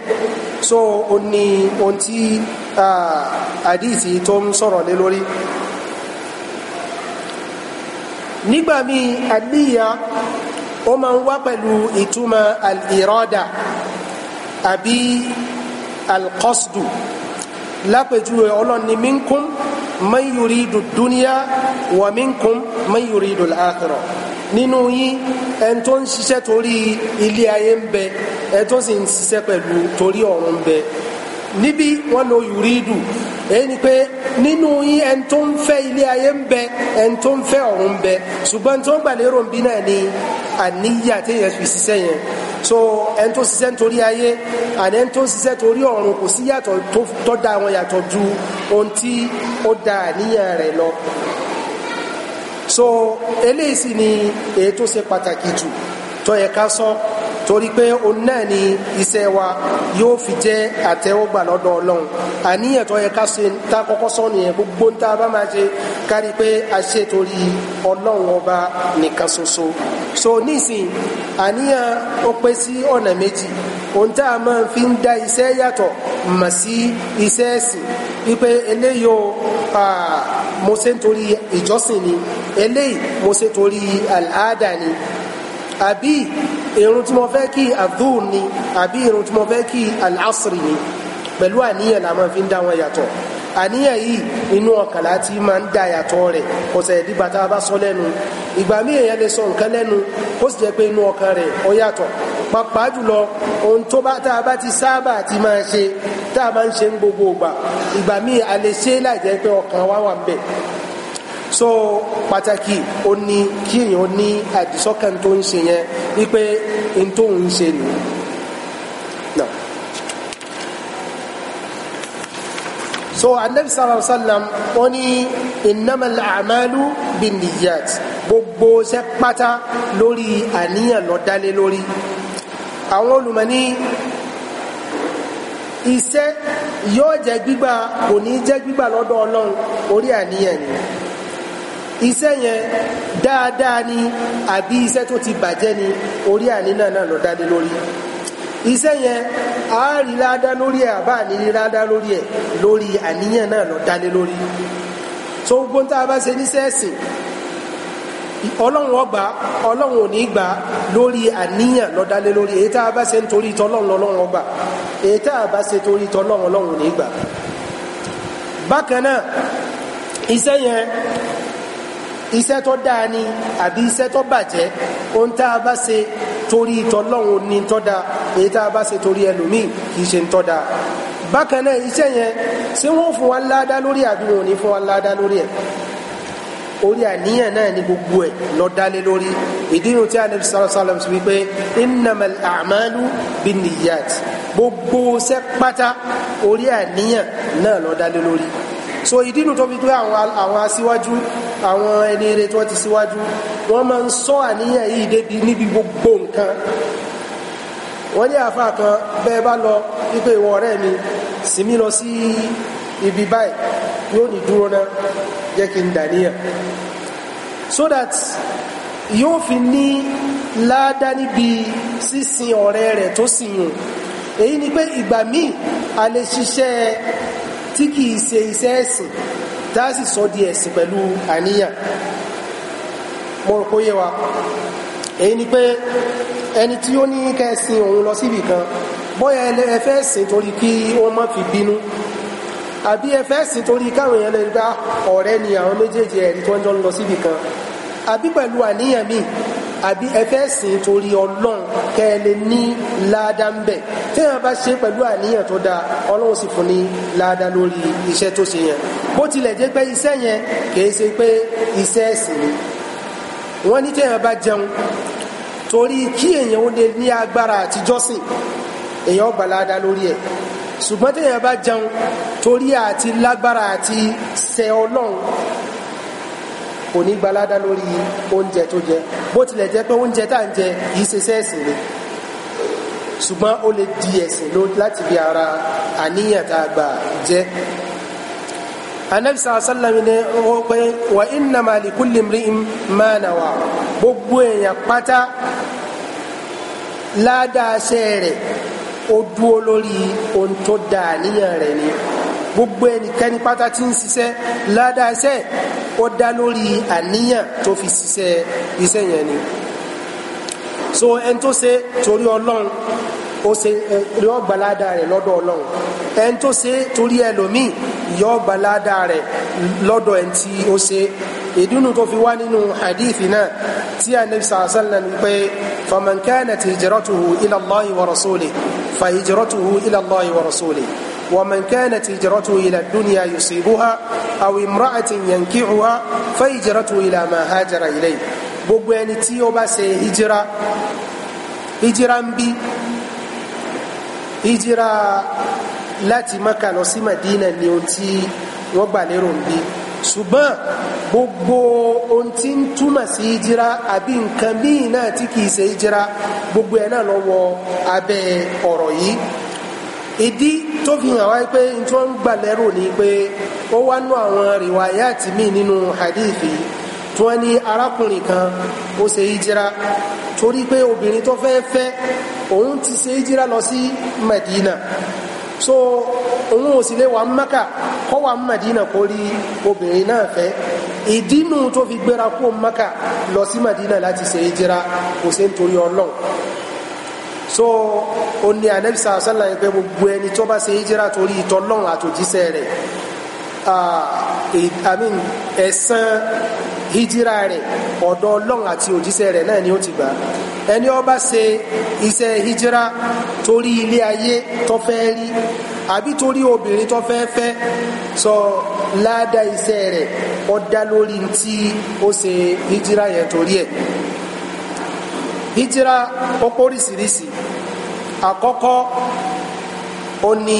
S1: so ó ní ohun tí àdìsí tó ń sọ̀rọ̀ lé lórí nígbà míì àdìyà ó máa ń wá pẹ̀lú ìtumọ̀ al-irada àbí al-qasdu. al àbí al lápẹjúwe ọlọ́run ni minkum man yuridu dunya wa minkum man yuridu al-akhirah nínú yín ẹni tó ń ṣiṣẹ́ torí ilé ayé ń bẹ ẹni tó sì ń ṣiṣẹ́ pẹ̀lú torí ọ̀run ń bẹ níbi wọn lo yuridu èyí ni pé nínú yín ẹni tó ń fẹ́ ilé ayé ń bẹ ẹni tó ń fẹ́ ọ̀run bẹ ṣùgbọ́n tó ń gbàlérò bí náà ni àníyàn fi ṣiṣẹ́ yẹn so ẹni tó ṣiṣẹ́ nítorí ayé àti ẹni tó ṣiṣẹ́ torí ọ̀run kò sí yàtọ̀ tó dá wọn yàtọ̀ ju ohun tí ó dá àníyàn rẹ̀ lọ so eléyìí sì ni èyí tó ṣe pàtàkì jù tó yẹ ká sọ torí pé òun náà ni iṣẹ́ wa yóò fi jẹ́ àtẹ́wọ́gbà lọ́dọ̀ Ọlọ́run àníyàn tó yẹ ká ṣe tá kọ́kọ́ sọ nìyẹn gbogbo ń tá bá máa ṣe kárí pé a ṣe torí Ọlọ́run ọba nìkan ṣoṣo so nísìn àníyàn ó pé sí ọ̀nà méjì ohun tá a máa fi ń dá iṣẹ́ yàtọ̀ mọ̀ sí iṣẹ́ ẹ̀sìn wípé eléyìí mo ṣe ń torí ìjọsìn ni eléyìí mo ṣe torí àlàáda ni àbí irun tí mo fẹ́ kí adúr ni àbí irun tí mo fẹ́ kí alásìrì ni pẹ̀lú àníyàn la máa fi ń dá wọn yàtọ̀. àníyàn yìí inú ọkàn láti ma ń da yàtọ̀ rẹ̀ ọ̀sẹ̀ ìdígbà tá a bá sọ lẹ́nu ìgbà míì èèyàn lè sọ nǹkan lẹ́nu ó sì jẹ́ pé inú ọkàn rẹ̀ ó yàtọ̀ pàápàá jùlọ ohun tó bá tá a bá ti sábà ti máa ṣe tá a máa ń ṣe ń gbogbo ìgbà ìgbà a lè ṣe láì jẹ́ pé ọkàn wawa wà ń bẹ̀ so pàtàkì ó ní kí èèyàn ní àdìsọ́kàn tó ń ṣe yẹn wípé n tó ń ṣe nìyẹn so anabi sallallahu alayhi wa sallam ó ní innamal a'malu binniyat gbogbo ṣe pátá lórí àníyàn ló dálé lórí àwọn olùmọ̀ní iṣẹ́ yóò jẹ́ gbígbà kò ní jẹ́ gbígbà lọ́dọ̀ ọlọ́run orí àníyàn ni iṣẹ́ yẹn dáadáa ni àbí iṣẹ́ tó ti bàjẹ́ ni orí àníyàn náà ló dálé lórí iṣẹ́ yẹn a rí ládá lórí ẹ̀ àbá ní rí ládá lórí ẹ̀ lórí àníyàn náà lọ dálé lórí tó gbogbo tá a bá ṣe níṣẹ́ ẹ̀sìn ọlọ́run ọgbà ọlọ́run ò ní gbà lórí àníyàn lọ dálé lórí èyí tá a bá ṣe nítorí ìtọ́lọ́run ọlọ́run ọgbà èyí tá a bá ṣe torí ìtọ́lọ́run ọlọ́run ò ní gbà bákan náà iṣẹ́ yẹn iṣẹ́ tó dáa ni àbí iṣẹ́ tó bàjẹ́ ohun tá a bá ṣe torí tọlọ́run ní tọ́da èyí tá a bá ṣe torí ẹlòmíì kì í ṣe ń tọ́da bákan náà iṣẹ́ yẹn ṣé wọ́n fún wa ládá lórí àbí wọn fún wa ládá lórí ẹ̀ orí àníyàn náà ni gbogbo ẹ̀ lọ dálé lórí ìdí nu tí a nàbì sàlọ sàlọ sí wípé innamal a'malu binniyat gbogbo ṣẹ́ pátá orí àníyàn náà lọ dálé lórí so ìdínú tó fi pé àwọn aṣíwájú àwọn ẹni eré tí wọ́n ti síwájú wọ́n máa ń sọ àníyàn yìí débi níbi gbogbo nǹkan wọ́n ní àfa kan bẹ́ẹ̀ bá lọ wípé ìwọ ọ̀rẹ́ mi sì mí lọ sí ibi báyìí yóò ní dúró náà jẹ́ kí n dàníyàn so that yóò fi ní láádá níbi sísin ọ̀rẹ́ rẹ̀ tó sì yùn èyí ni pé ìgbà míì a lè ṣiṣẹ́ tí kìí ṣe iṣẹ́ ẹ̀sìn tá a sì sọ di ẹ̀sìn pẹ̀lú àníyàn mo rò kó yé wa èyí ni pé ẹni tí ó ní kẹsìn òun lọ síbì kan bóyá ẹ fẹ́ torí kí wọ́n má fi bínú àbí ẹ fẹ́ torí káwọn èèyàn lè gba ah, ọ̀rẹ́ ni àwọn méjèèjì ẹ̀rí tó ń jọ lọ síbì kan àbí pẹ̀lú àníyàn míì àbí ẹ fẹ́ sìn torí ọlọ́run kẹ́ ẹ lè ní láàdá ń bẹ̀ téèyàn bá ṣe pẹ̀lú àníyàn tó dáa ọlọ́run sì fún ní láàdá lórí iṣẹ́ tó ṣe yẹn bó tilẹ̀ jẹ́ pé iṣẹ́ yẹn kìí ṣe pé iṣẹ́ ẹ̀sìn ni wọ́n ní téèyàn bá jẹun torí kí èèyàn ó lè ní agbára àtijọ́sìn èèyàn ó gbà láàdá lórí ẹ̀ ṣùgbọ́n téèyàn bá jẹun torí àti lágbára àti ṣẹ ọlọ́run kò ní gbalada lórí oúnjẹ tó jẹ bó tilẹ̀ jẹ́ pé oúnjẹ tá à ń jẹ kìí ṣe sẹ́ẹ̀sìn ni ṣùgbọ́n ó lè di ẹ̀sìn láti bí ara àníyàn tá a gbà jẹ́ anabi sallam ni ó pé wà innama li kulli mri'in ma nawa gbogbo èèyàn pátá ládàáṣẹ́ rẹ̀ ó dúó lórí ohun tó dà níyàn rẹ̀ ni gbogbo ẹnikẹ́ni pátá tí ń ṣiṣẹ́ ládàáṣẹ́ ó dá lórí àníyàn tó fi ṣiṣẹ́ iṣẹ́ yẹn ni so ẹni tó ṣe torí ọlọ́run ó ṣe yọ gbalada rẹ̀ lọ́dọ̀ ọlọ́run ẹni tó ṣe torí ẹlòmíì yọ gbalada rẹ̀ lọ́dọ̀ ẹni tí ó ṣe ìdúnnù tó fi wá nínú hadithi náà tí anabi sàásánlẹ̀ ní pé faman kanat hijratuhu ila Allahi wa rasulihi fa hijratuhu ila Allahi wa ومن كانت هجرته إلى الدنيا يصيبها أو امرأة ينكعها فهجرته إلى ما هاجر إليه gbogbo ẹni tí ó bá ṣe hijira hijira ń bí hijira láti maka lọ sí madina ni ohun tí wọ́n gbà lérò ń bí ṣùgbọ́n gbogbo ohun tí ń túmọ̀ sí hijira àbí nǹkan míì náà tí kìí ṣe hijira gbogbo ẹ̀ náà lọ abẹ́ ọ̀rọ̀ yìí ìdí tó fi hàn wáyé pé n tí wọ́n ń gbà lérò ni pé ó wá nú àwọn rìwáyàtì míì nínú hadithi tí wọ́n ní arákùnrin kan ó ṣe hijira torí pé obìnrin tó fẹ́ fẹ́ òun ti ṣe hijira lọ sí Madina so òun ò sì lè wà Mẹ́kà kọ́ wà Madina kó rí obìnrin náà fẹ́ ìdínú tó fi gbéra kó Mẹ́kà lọ sí Madina láti ṣe hijira kò ṣe nítorí Ọlọ́run so ó ní anabisa asala yẹn pé gbogbo ẹni tó bá ṣe hijira torí ìtọ́lọ́run àtòjíṣẹ́ rẹ̀ àmín ẹ̀san hijira rẹ̀ ọ̀dọ̀ ọlọ́run àti òjíṣẹ́ rẹ̀ náà ni ó ti gbà ẹni ó bá ṣe iṣẹ́ hijira torí ilé ayé tó fẹ́ rí àbí torí obìnrin tó fẹ́ fẹ́ sọ ládàá iṣẹ́ rẹ̀ ó lórí tí ó ṣe hijira yẹn torí ẹ̀ hijira ó póríṣiríṣi àkọ́kọ́ ó ní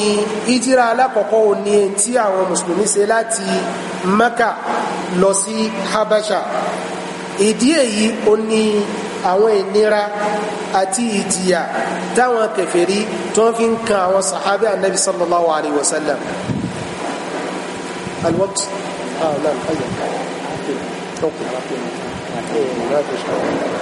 S1: hijira alákọ̀ọ́kọ́ ó ní tí àwọn mùsùlùmí ṣe láti mẹ́kà lọ sí habasha ìdí èyí oni ní àwọn ìnira àti ìjìyà táwọn kèfèrí tó fi ń kan àwọn sàhábí ànábi sallallahu alayhi wa sallam alwọ́t ah, okay. okay. okay. okay. okay. okay. okay.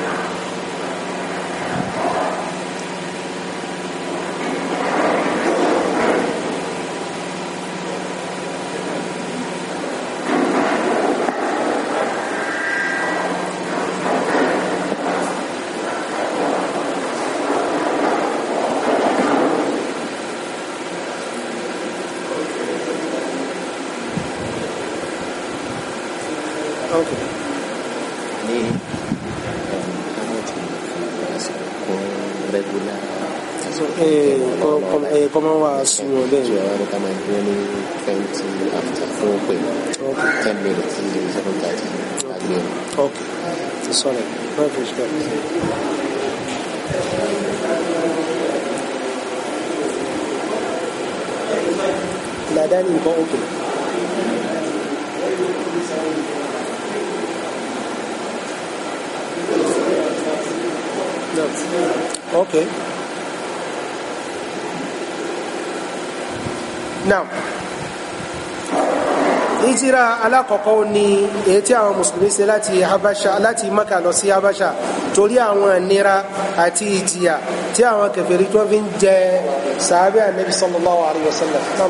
S1: lẹ́yìn nǹkan Now, ìtira alákọ̀ọ́kọ́ ni èyí tí àwọn mùsùlùmí Habasha láti Maka Habasha torí àwọn ìnira àti ìjìyà tí àwọn kèfèrí tó fi ń jẹ sàábẹ́ Ànábì sallallahu alaihi wasallam náà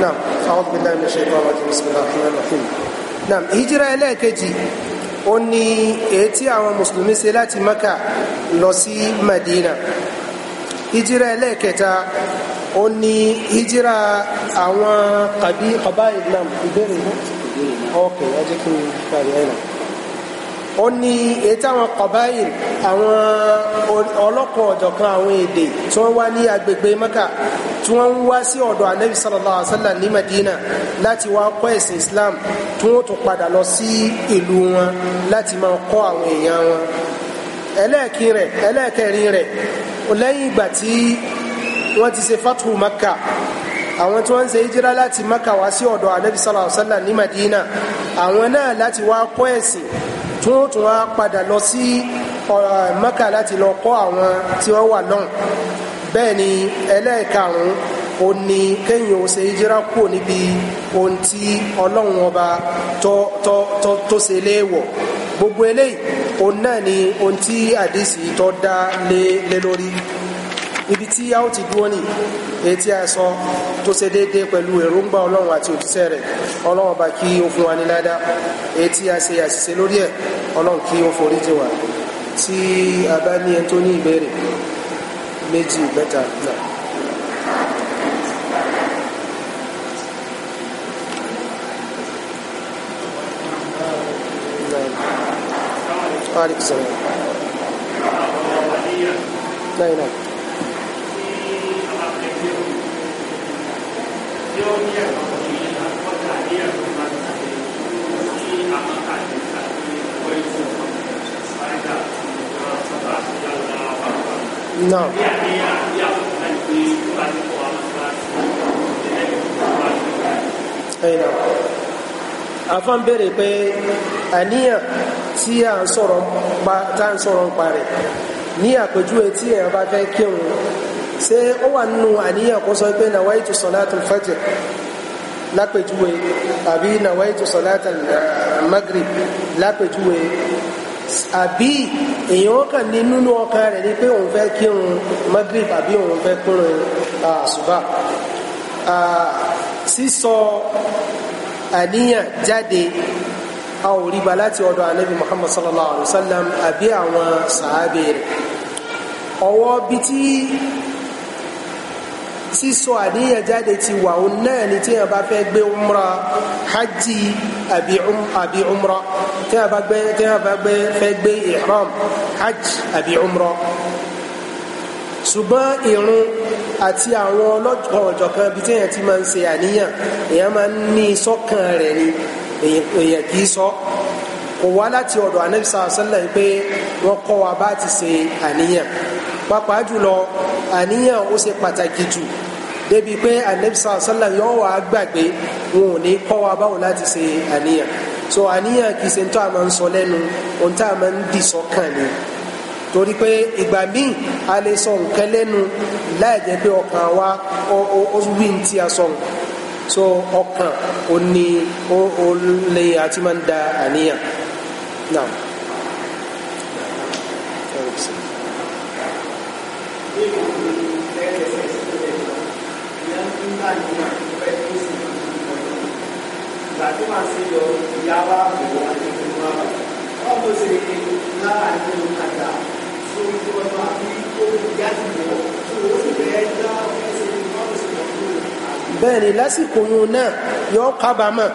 S1: نعم أعوذ بالله من الشيطان الرجيم بسم الله الرحمن الرحيم نعم هجرة ẹlẹ́ẹ̀kejì ó ní èyí tí àwọn mùsùlùmí ṣe láti maka lọ sí madina hijira ẹlẹ́ẹ̀kẹta ó ní hijira àwọn kàbí kàbá ìlànà ìbéèrè náà ọkọ̀ ọjọ́ kí n parí ẹ̀ náà ó ní etí àwọn kọ̀báyì àwọn ọlọ́kùn ọ̀jọ̀kan àwọn èdè tí wọ́n wá ní agbègbè mẹ́kà tí wọ́n ń wá sí ọ̀dọ̀ anabi sallallahu alaihi wa sallam ní madina láti wá kọ́ ẹ̀sìn islam tí wọ́n tún padà lọ sí ìlú wọn láti máa kọ́ àwọn èèyàn wọn ẹlẹ́ẹ̀kin rẹ̀ ẹlẹ́ẹ̀kẹrin rẹ̀ lẹ́yìn ìgbà tí wọ́n ti ṣe fatu maka àwọn tí wọ́n ń ṣe hijira láti maka wá sí ọ̀dọ̀ anabi sallallahu alaihi sallam ní madina àwọn náà láti wá kọ́ ẹ̀sìn tí wọ́n tún wá padà lọ sí Mẹ́kà láti lọ kọ́ àwọn tí wọ́n wà náà bẹ́ẹ̀ ni ẹlẹ́ẹ̀karùn-ún ó ní kéèyàn ó ṣe ìjírá kúrò níbi ohun tí ọlọ́run ọba tó ṣe léèwọ̀ gbogbo eléyìí òun náà ni ohun tí àdìsí tó dá lé lórí tí a ó ti dúró ní etí a sọ tó ṣe déédéé pẹ̀lú èròǹgbà ọlọ́run àti òjíṣẹ́ rẹ̀ ọlọ́run ọba kí ó fún wa ní ládá etí a ṣe àṣìṣe lórí ẹ̀ ọlọ́run kí ó forí jì wá tí a bá ní ẹni tó ní ìbéèrè méjì mẹ́ta náà. عليك السلام náà. ẹ̀yìn náà afán bẹ̀rẹ̀ pé àníyàn tí a ń sọ̀rọ̀ pa tá a ń sọ̀rọ̀ ń pa rẹ̀ ní àpèjúwe tí èèyàn bá fẹ́ kírun ṣé ó wà nínú àníyàn kó sọ pé nawaitu salatul fajr lápèjúwe àbí nawaitu salatul eh, maghrib lápèjúwe àbí èèyàn kàn ní nínú ọkàn rẹ̀ ni pé òun fẹ́ kírun magrib àbí òun fẹ́ kírun àṣùbà sísọ àníyàn jáde a ò rí ba láti ọ̀dọ̀ anabi muhammad sallallahu alayhi wa àbí àwọn sàábẹ̀ rẹ̀ ọwọ́ bíi tí sísọ àníyàn jáde ti wà ó náà ni tí yẹn bá fẹ́ gbé umra hajj àbí um àbí umra tí yẹn bá gbé tí yẹn bá gbé fẹ́ gbé ihram hajj àbí umra ṣùgbọ́n irun àti àwọn ọlọ́jọ̀ ọ̀jọ̀kan bí tí yẹn ti máa ń ṣe àníyàn èèyàn máa ń ní sọ́kàn rẹ̀ ni èèyàn kì í sọ kò wá láti ọ̀dọ̀ anabi sàlẹ̀ pé wọ́n kọ́ wa bá ti ṣe àníyàn pàápàá jùlọ àníyàn ó ṣe pàtàkì jù débi pé anabisa sallam yóò wá gbàgbé wọn ò ní kọ́ wa báwo láti ṣe àníyàn so àníyàn kì í ṣe tó a máa ń sọ lẹ́nu ohun tá a máa ń dì sọ́kàn ni torí pé ìgbà míì a lè sọ nǹkan lẹ́nu láì jẹ́ pé ọkàn wa ó wí ní tí a sọ so ọkàn ò ní ó lè àti máa ń da àníyàn náà. ìgbà tí màá ṣe yọ ìyá wa àbẹ̀wò àti ìgbìmọ̀ wa wọ́n kò ṣe láàárín ìlú àjà tó ń tó ọmọ àbí tó ń yá ìwọ̀ tó o sì fẹ́ dá ẹsẹ̀ ìwọ́n sì lọ́kùnrin. bẹ́ẹ̀ ni lásìkò yun náà yọ kábàámọ̀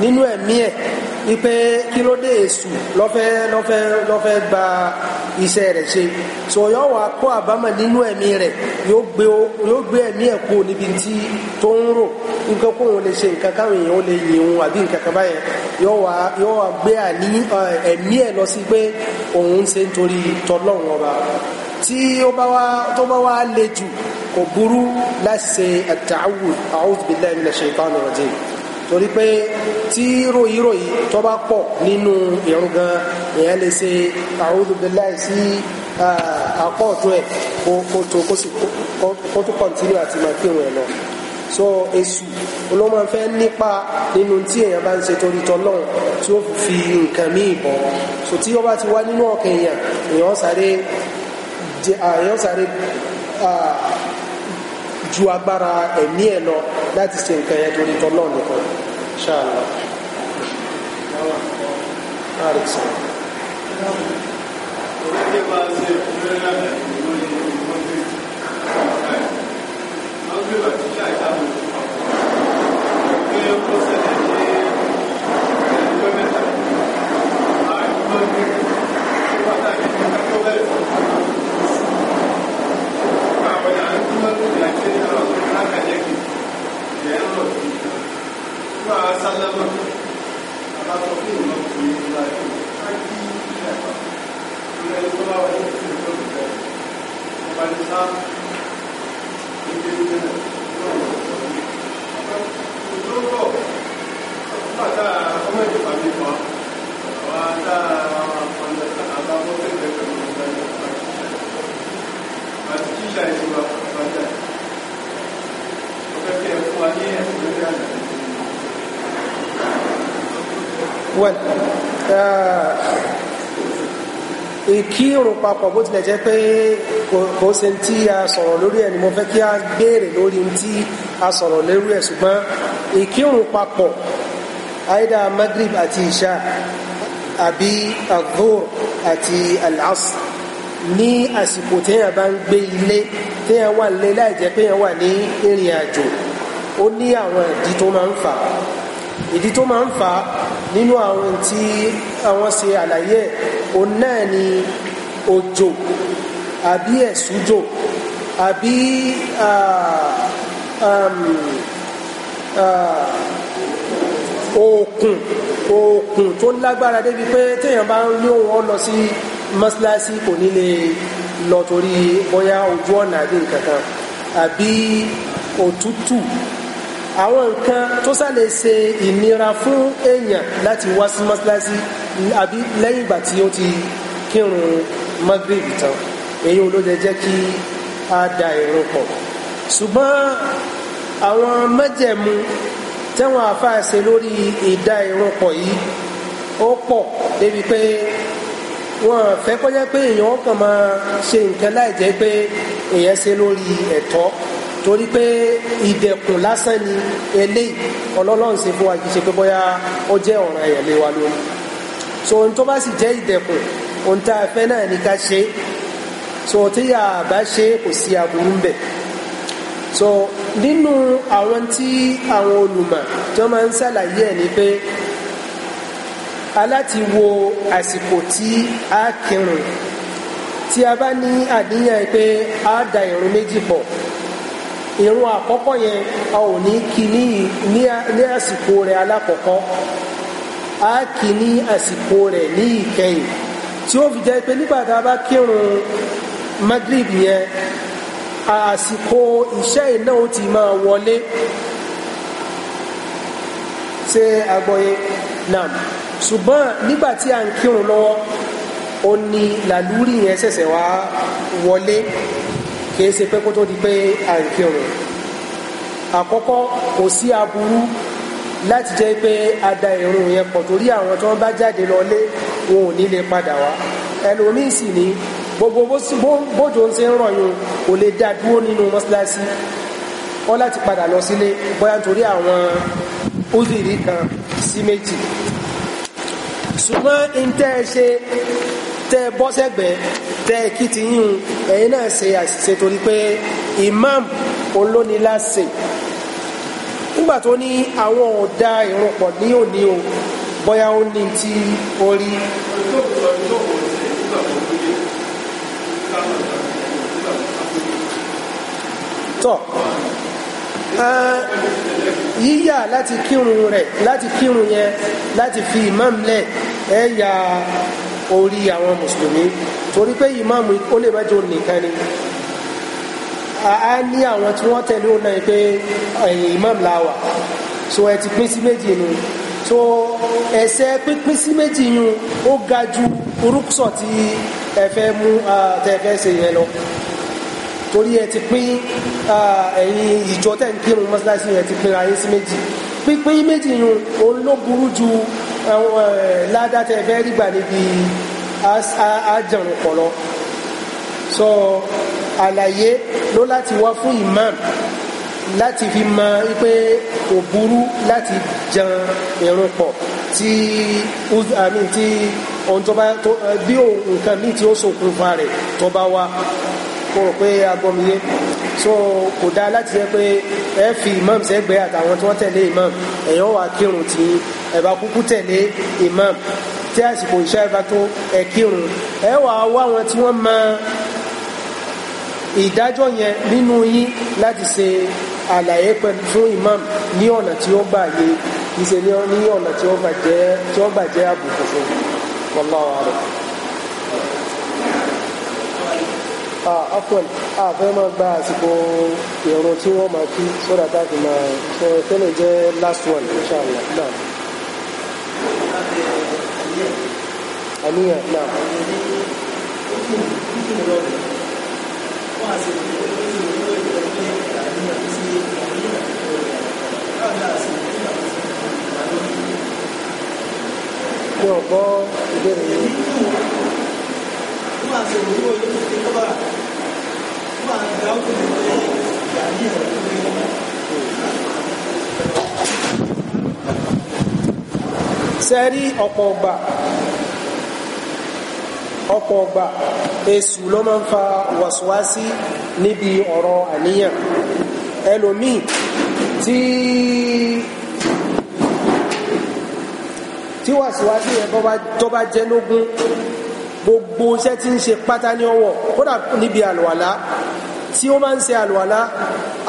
S1: nínú ẹ̀mí ẹ̀ wípé kí ló dé èṣù lọ́fẹ́ lọ́fẹ́ lọ́fẹ́ gba iṣẹ́ rẹ̀ ṣe so yóò wá kó àbámọ̀ nínú ẹ̀mí rẹ̀ yóò gbé yóò gbé ẹ̀mí ẹ̀ kú níbi tí tó ń rò nǹkan kó òun lè ṣe nǹkan káwọn èèyàn ó yìn òun àbí nǹkan kan báyẹn yóò wá yóò wá gbé àní ẹ̀mí ẹ̀ lọ sí pé òun ṣe ń torí tọlọ́run ọba tí ó bá wá tó bá wá le jù kò burú láti ṣe àtàwù a'udhu billahi minash shaitanir rajim torí pé tí ròyìnròyìn tó bá pọ̀ nínú ìrun gan èèyàn lè ṣe a'udhu billahi sí apọ̀ ọ̀tún ẹ̀ kó tó kó sì kó tó kọ̀ntínú àti máa kírun ẹ̀ lọ so èsù olóòmọ fẹ́ nípa nínú tí èèyàn bá ń ṣe torí tọlọ́run tí ó fi nǹkan míì bọ̀ so tí ó bá ti wá nínú ọkàn èèyàn èèyàn sáré èèyàn sáré ju agbára ẹ̀mí ẹ̀ lọ láti ṣe nǹkan yẹn torí tọlọ́run nìkan. شاء الله عليك السلام papọ̀ bó tilẹ̀ jẹ́ pé kò ṣe tí a sọ̀rọ̀ lórí ẹ̀ ni mo fẹ́ kí a béèrè lórí tí a sọ̀rọ̀ lórí ẹ̀ ṣùgbọ́n ìkírun papọ̀ aida magrib àti isha àbí adhur àti al-asr ní àsìkò téèyàn bá ń gbé ilé téèyàn wà nílé láì jẹ́ pé èèyàn wà ní ìrìn àjò ó ní àwọn ìdí tó máa ń fà ìdí tó máa ń fà nínú àwọn tí àwọn ṣe àlàyé òun náà ni Ojo, àbí ẹ̀sújò àbí um, òkun òkun tó lágbára débi pé téèyàn bá ń lé òun lọ sí mọ́sálásí kò ní lè lọ torí bóyá ojú ọ̀nà àbí nǹkan kan àbí òtútù àwọn nǹkan tó sálẹ̀ ṣe ìnira fún èèyàn láti wá sí mọ́sálásí àbí lẹ́yìn ìgbà tí ó ti kírun magrib tán èyí olóde jẹ́ kí a da ìrun pọ̀ ṣùgbọ́n àwọn mẹ́jẹ̀mú tẹ́wọ̀n àfáàṣe lórí ìdá ìrun pọ̀ yìí ó pọ̀ débi pé wọ́n fẹ́ kọjá pé èèyàn kàn máa ṣe nǹkan láì jẹ́ pé èèyàn ṣe lórí ẹ̀tọ́ torí pé ìdẹ̀kùn lásán ni eléyìí ọlọ́lọ́run ṣe fún wa kì í ṣe pé bóyá ó jẹ́ ọ̀ràn ẹ̀yẹ̀ wa lórí so ohun tó bá sì jẹ́ ìdẹ̀kùn ohun tá a fẹ́ náà ní ká ṣe so tí a bá ṣe kò sí aburú bẹ̀ so nínú àwọn tí àwọn olùmọ̀ tó máa ń ṣàlàyé ẹ̀ ni pé aláti wo àsìkò tí a kírun tí a bá ní àníyàn pé a da ìrun méjì pọ̀ ìrun àkọ́kọ́ yẹn a ò ní kí ní àsìkò rẹ̀ alákọ̀ọ́kọ́ a kì ní àsìkò rẹ̀ ní ìkẹyìn tí ó fi jẹ́ pé nígbà tá a bá kírun Maghrib yẹn àsìkò iṣẹ́ iná ó ti máa wọlé ṣe àgbọ̀yé náà ṣùgbọ́n nígbà tí a ń kírun lọ́wọ́ ó ní làlúrí yẹn ṣẹ̀ṣẹ̀ wá wọlé kìí ṣe pé kó tó di pé a ń kírun àkọ́kọ́ kò sí aburú láti jẹ́ pé a da ìrun yẹn pọ̀ torí àwọn tó ń bá jáde lọlé wọn ò ní lè padà wá ẹlòmíì sì ni gbogbo bójú ń ṣe ń rọyún kò lè dá dúró nínú mọ́ṣáláṣí ó láti padà lọ sílé bóyá nítorí àwọn uziri kan sí méjì ṣùgbọ́n n ṣe tẹ́ bọ́ sẹ́gbẹ̀ẹ́ tẹ́ kí ti yín ẹ̀yin náà ṣe àṣìṣe torí pé imam olóníláṣẹ nígbà tó ní àwọn ọ̀dà ìrun pọ̀ ní òní o bóyá ó ní ti orí. tọ́ yíyà láti kírun rẹ̀ láti kírun yẹn láti fi ìmáàmùlẹ̀ ẹ̀ orí àwọn mùsùlùmí torí pé ìmáàmù ó lè má nìkan ni a ní àwọn tí wọ́n tẹ̀lé òun náà eh, imam láwà so ẹ ti pín sí méjì nu so ẹsẹ̀ pínpín sí méjì yun ó ga ju orúkúsọ tí ẹ fẹ́ mú tẹ fẹ́ ṣe yẹn lọ torí ẹ ti pín ẹ̀yin ìjọ tẹ̀ ń kírun mọ́ṣáláṣí ẹ ti pín ayé sí méjì pínpín méjì yun òun ló burú ju eh, ládàá tẹ fẹ́ rí gbà níbi àjàrùn pọ̀ lọ so àlàyé ló láti wá fún imam láti fi mọ pé kò burú láti jan irun pọ̀ tí àmì tí ohun tó bá eh, bí nǹkan míì tí ó ṣokùnfà rẹ̀ tó bá wá mo rò pé agbọ́miyé so kò dáa láti jẹ́ pé ẹ fi imam sẹ́gbẹ́ àtàwọn tí wọ́n tẹ̀lé imam ẹ̀yọ́ wà kírun tí ẹ bá kúkú tẹ̀lé imam tí àsìkò ìṣá ẹ bá tó ẹ kírun ẹ wà wá wọn tí wọ́n máa ìdájọ́ yẹn nínú yín láti ṣe àlàyé pẹ̀lú fún imam ní ọ̀nà tí ó gbà yé ìṣe ní ọ̀nà tí ó gbà jẹ́ tí ó gbà jẹ́ àbùkù fún wallahu a'lam. afọn àfẹ́ máa gba àsìkò ìrun tí wọ́n máa kí sódà táàkì máa sọ tẹ́lẹ̀ jẹ́ last one inshallah náà. àníyàn náà yóò gbọ́ ìbéèrè yìí. Wọ́n á ṣe ìwé olóògbé tó kọ́ bá Sẹ́rí ọ̀pọ̀ ọgbà ọ̀pọ̀ ọgbà èṣù ló máa ń fa wàsíwàsí níbi ọ̀rọ̀ àníyàn ẹlòmíì tí tí wàsíwàsí yẹn tó bá jẹ́ lógún gbogbo iṣẹ́ tí ń ṣe pátá ní ọwọ́ kódà níbi àlùwàlá tí ó máa ń ṣe àlùwàlá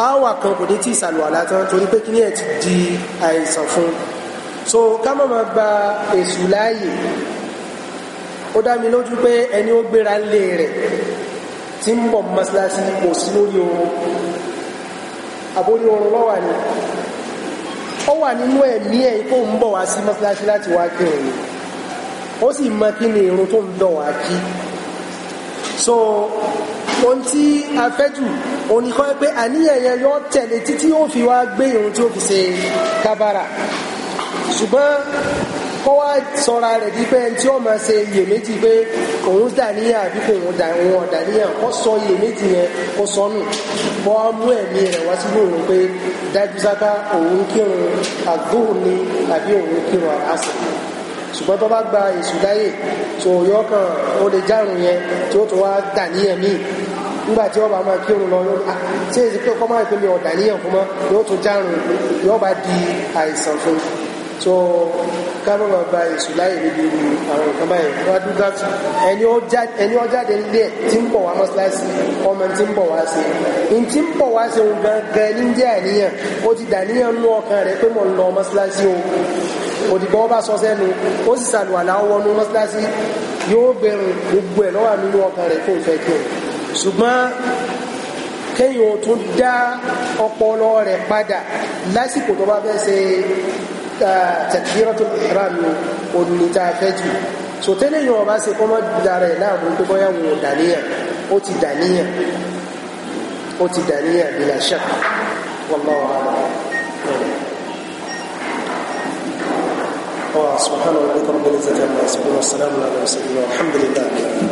S1: áwà kan kò ní tí ìsàlùwàlá tán torí pé kí ní ẹ̀ ti di àìsàn fún so ká má máa gba èṣù láàyè ó dá mi lójú pé ẹni ó gbéra lé rẹ̀ tí ń bọ̀ mọ́sálásí kò sí lórí oorun àbórí oorun lọ́wà ni ó wà nínú ẹ̀mí ẹ̀ kó ń bọ̀ wá sí mọ́sálásí láti wá kí òun ó sì mọ kí ni irun tó ń dọ̀ so ohun tí a fẹ́ jù pé yọ tẹ̀lé títí ó fi kọ́ wá sọra rẹ̀ di pé ẹni tí ó máa ṣe iyèméjì pé òun dàníyàn àbí kò òun dàníyàn ọ̀dàníyàn kọ́ sọ iyèméjì yẹn kó sọnù kọ́ mú ẹ̀mí rẹ̀ wá síbí òun pé dájú sáká òun kírun àgbóhùn ni àbí òun kírun àásì ṣùgbọ́n tó bá gba èṣù láyè tó yọ kan ó lè járun yẹn tí ó tó wá dàníyàn míì nígbà tí ọba máa kírun lọ yóò ṣe é ṣe pé kọ́ máa pè mí ọ̀dàníyàn fún mọ́ yóò tó járun yóò bá di àìsàn fún un so kámọ́ máa gba èsù láyè níbi àwọn nǹkan báyìí rádúgàtù ẹni ọjáde nílé tí ń bọ̀ wá mọ́síláṣí ọmọ tí ń bọ̀ wá sí in tí ń bọ̀ wá sí òun gangan ní jẹ́ àníyàn ó ti dàníyàn nú ọkàn rẹ̀ pé mo ń lọ mọ́síláṣí o òdìgbọ́ ọba sọ sẹ́nu ó sì sàlùwàlà wọnú mọ́síláṣí yóò gbẹrun gbogbo ẹ̀ lọ́wọ́ nínú ọkàn rẹ̀ fún ìfẹ́ kí o ṣùgbọ́n kéèyàn tún dá ọpọlọ rẹ̀ padà lásìkò tó bá fẹ́ ṣe takbiratul ihram òní tá a fẹ́ jù so tẹ́lẹ̀ yìí wọ́n bá ṣe kọ́mọ́ dára ẹ̀ láàmú pé bọ́yá wò ó dàníyàn ó ti dàníyàn ó ti dàníyàn bila shak wallahu a'lam. سبحان ربك رب العزة عما يصفون والسلام على المرسلين والحمد لله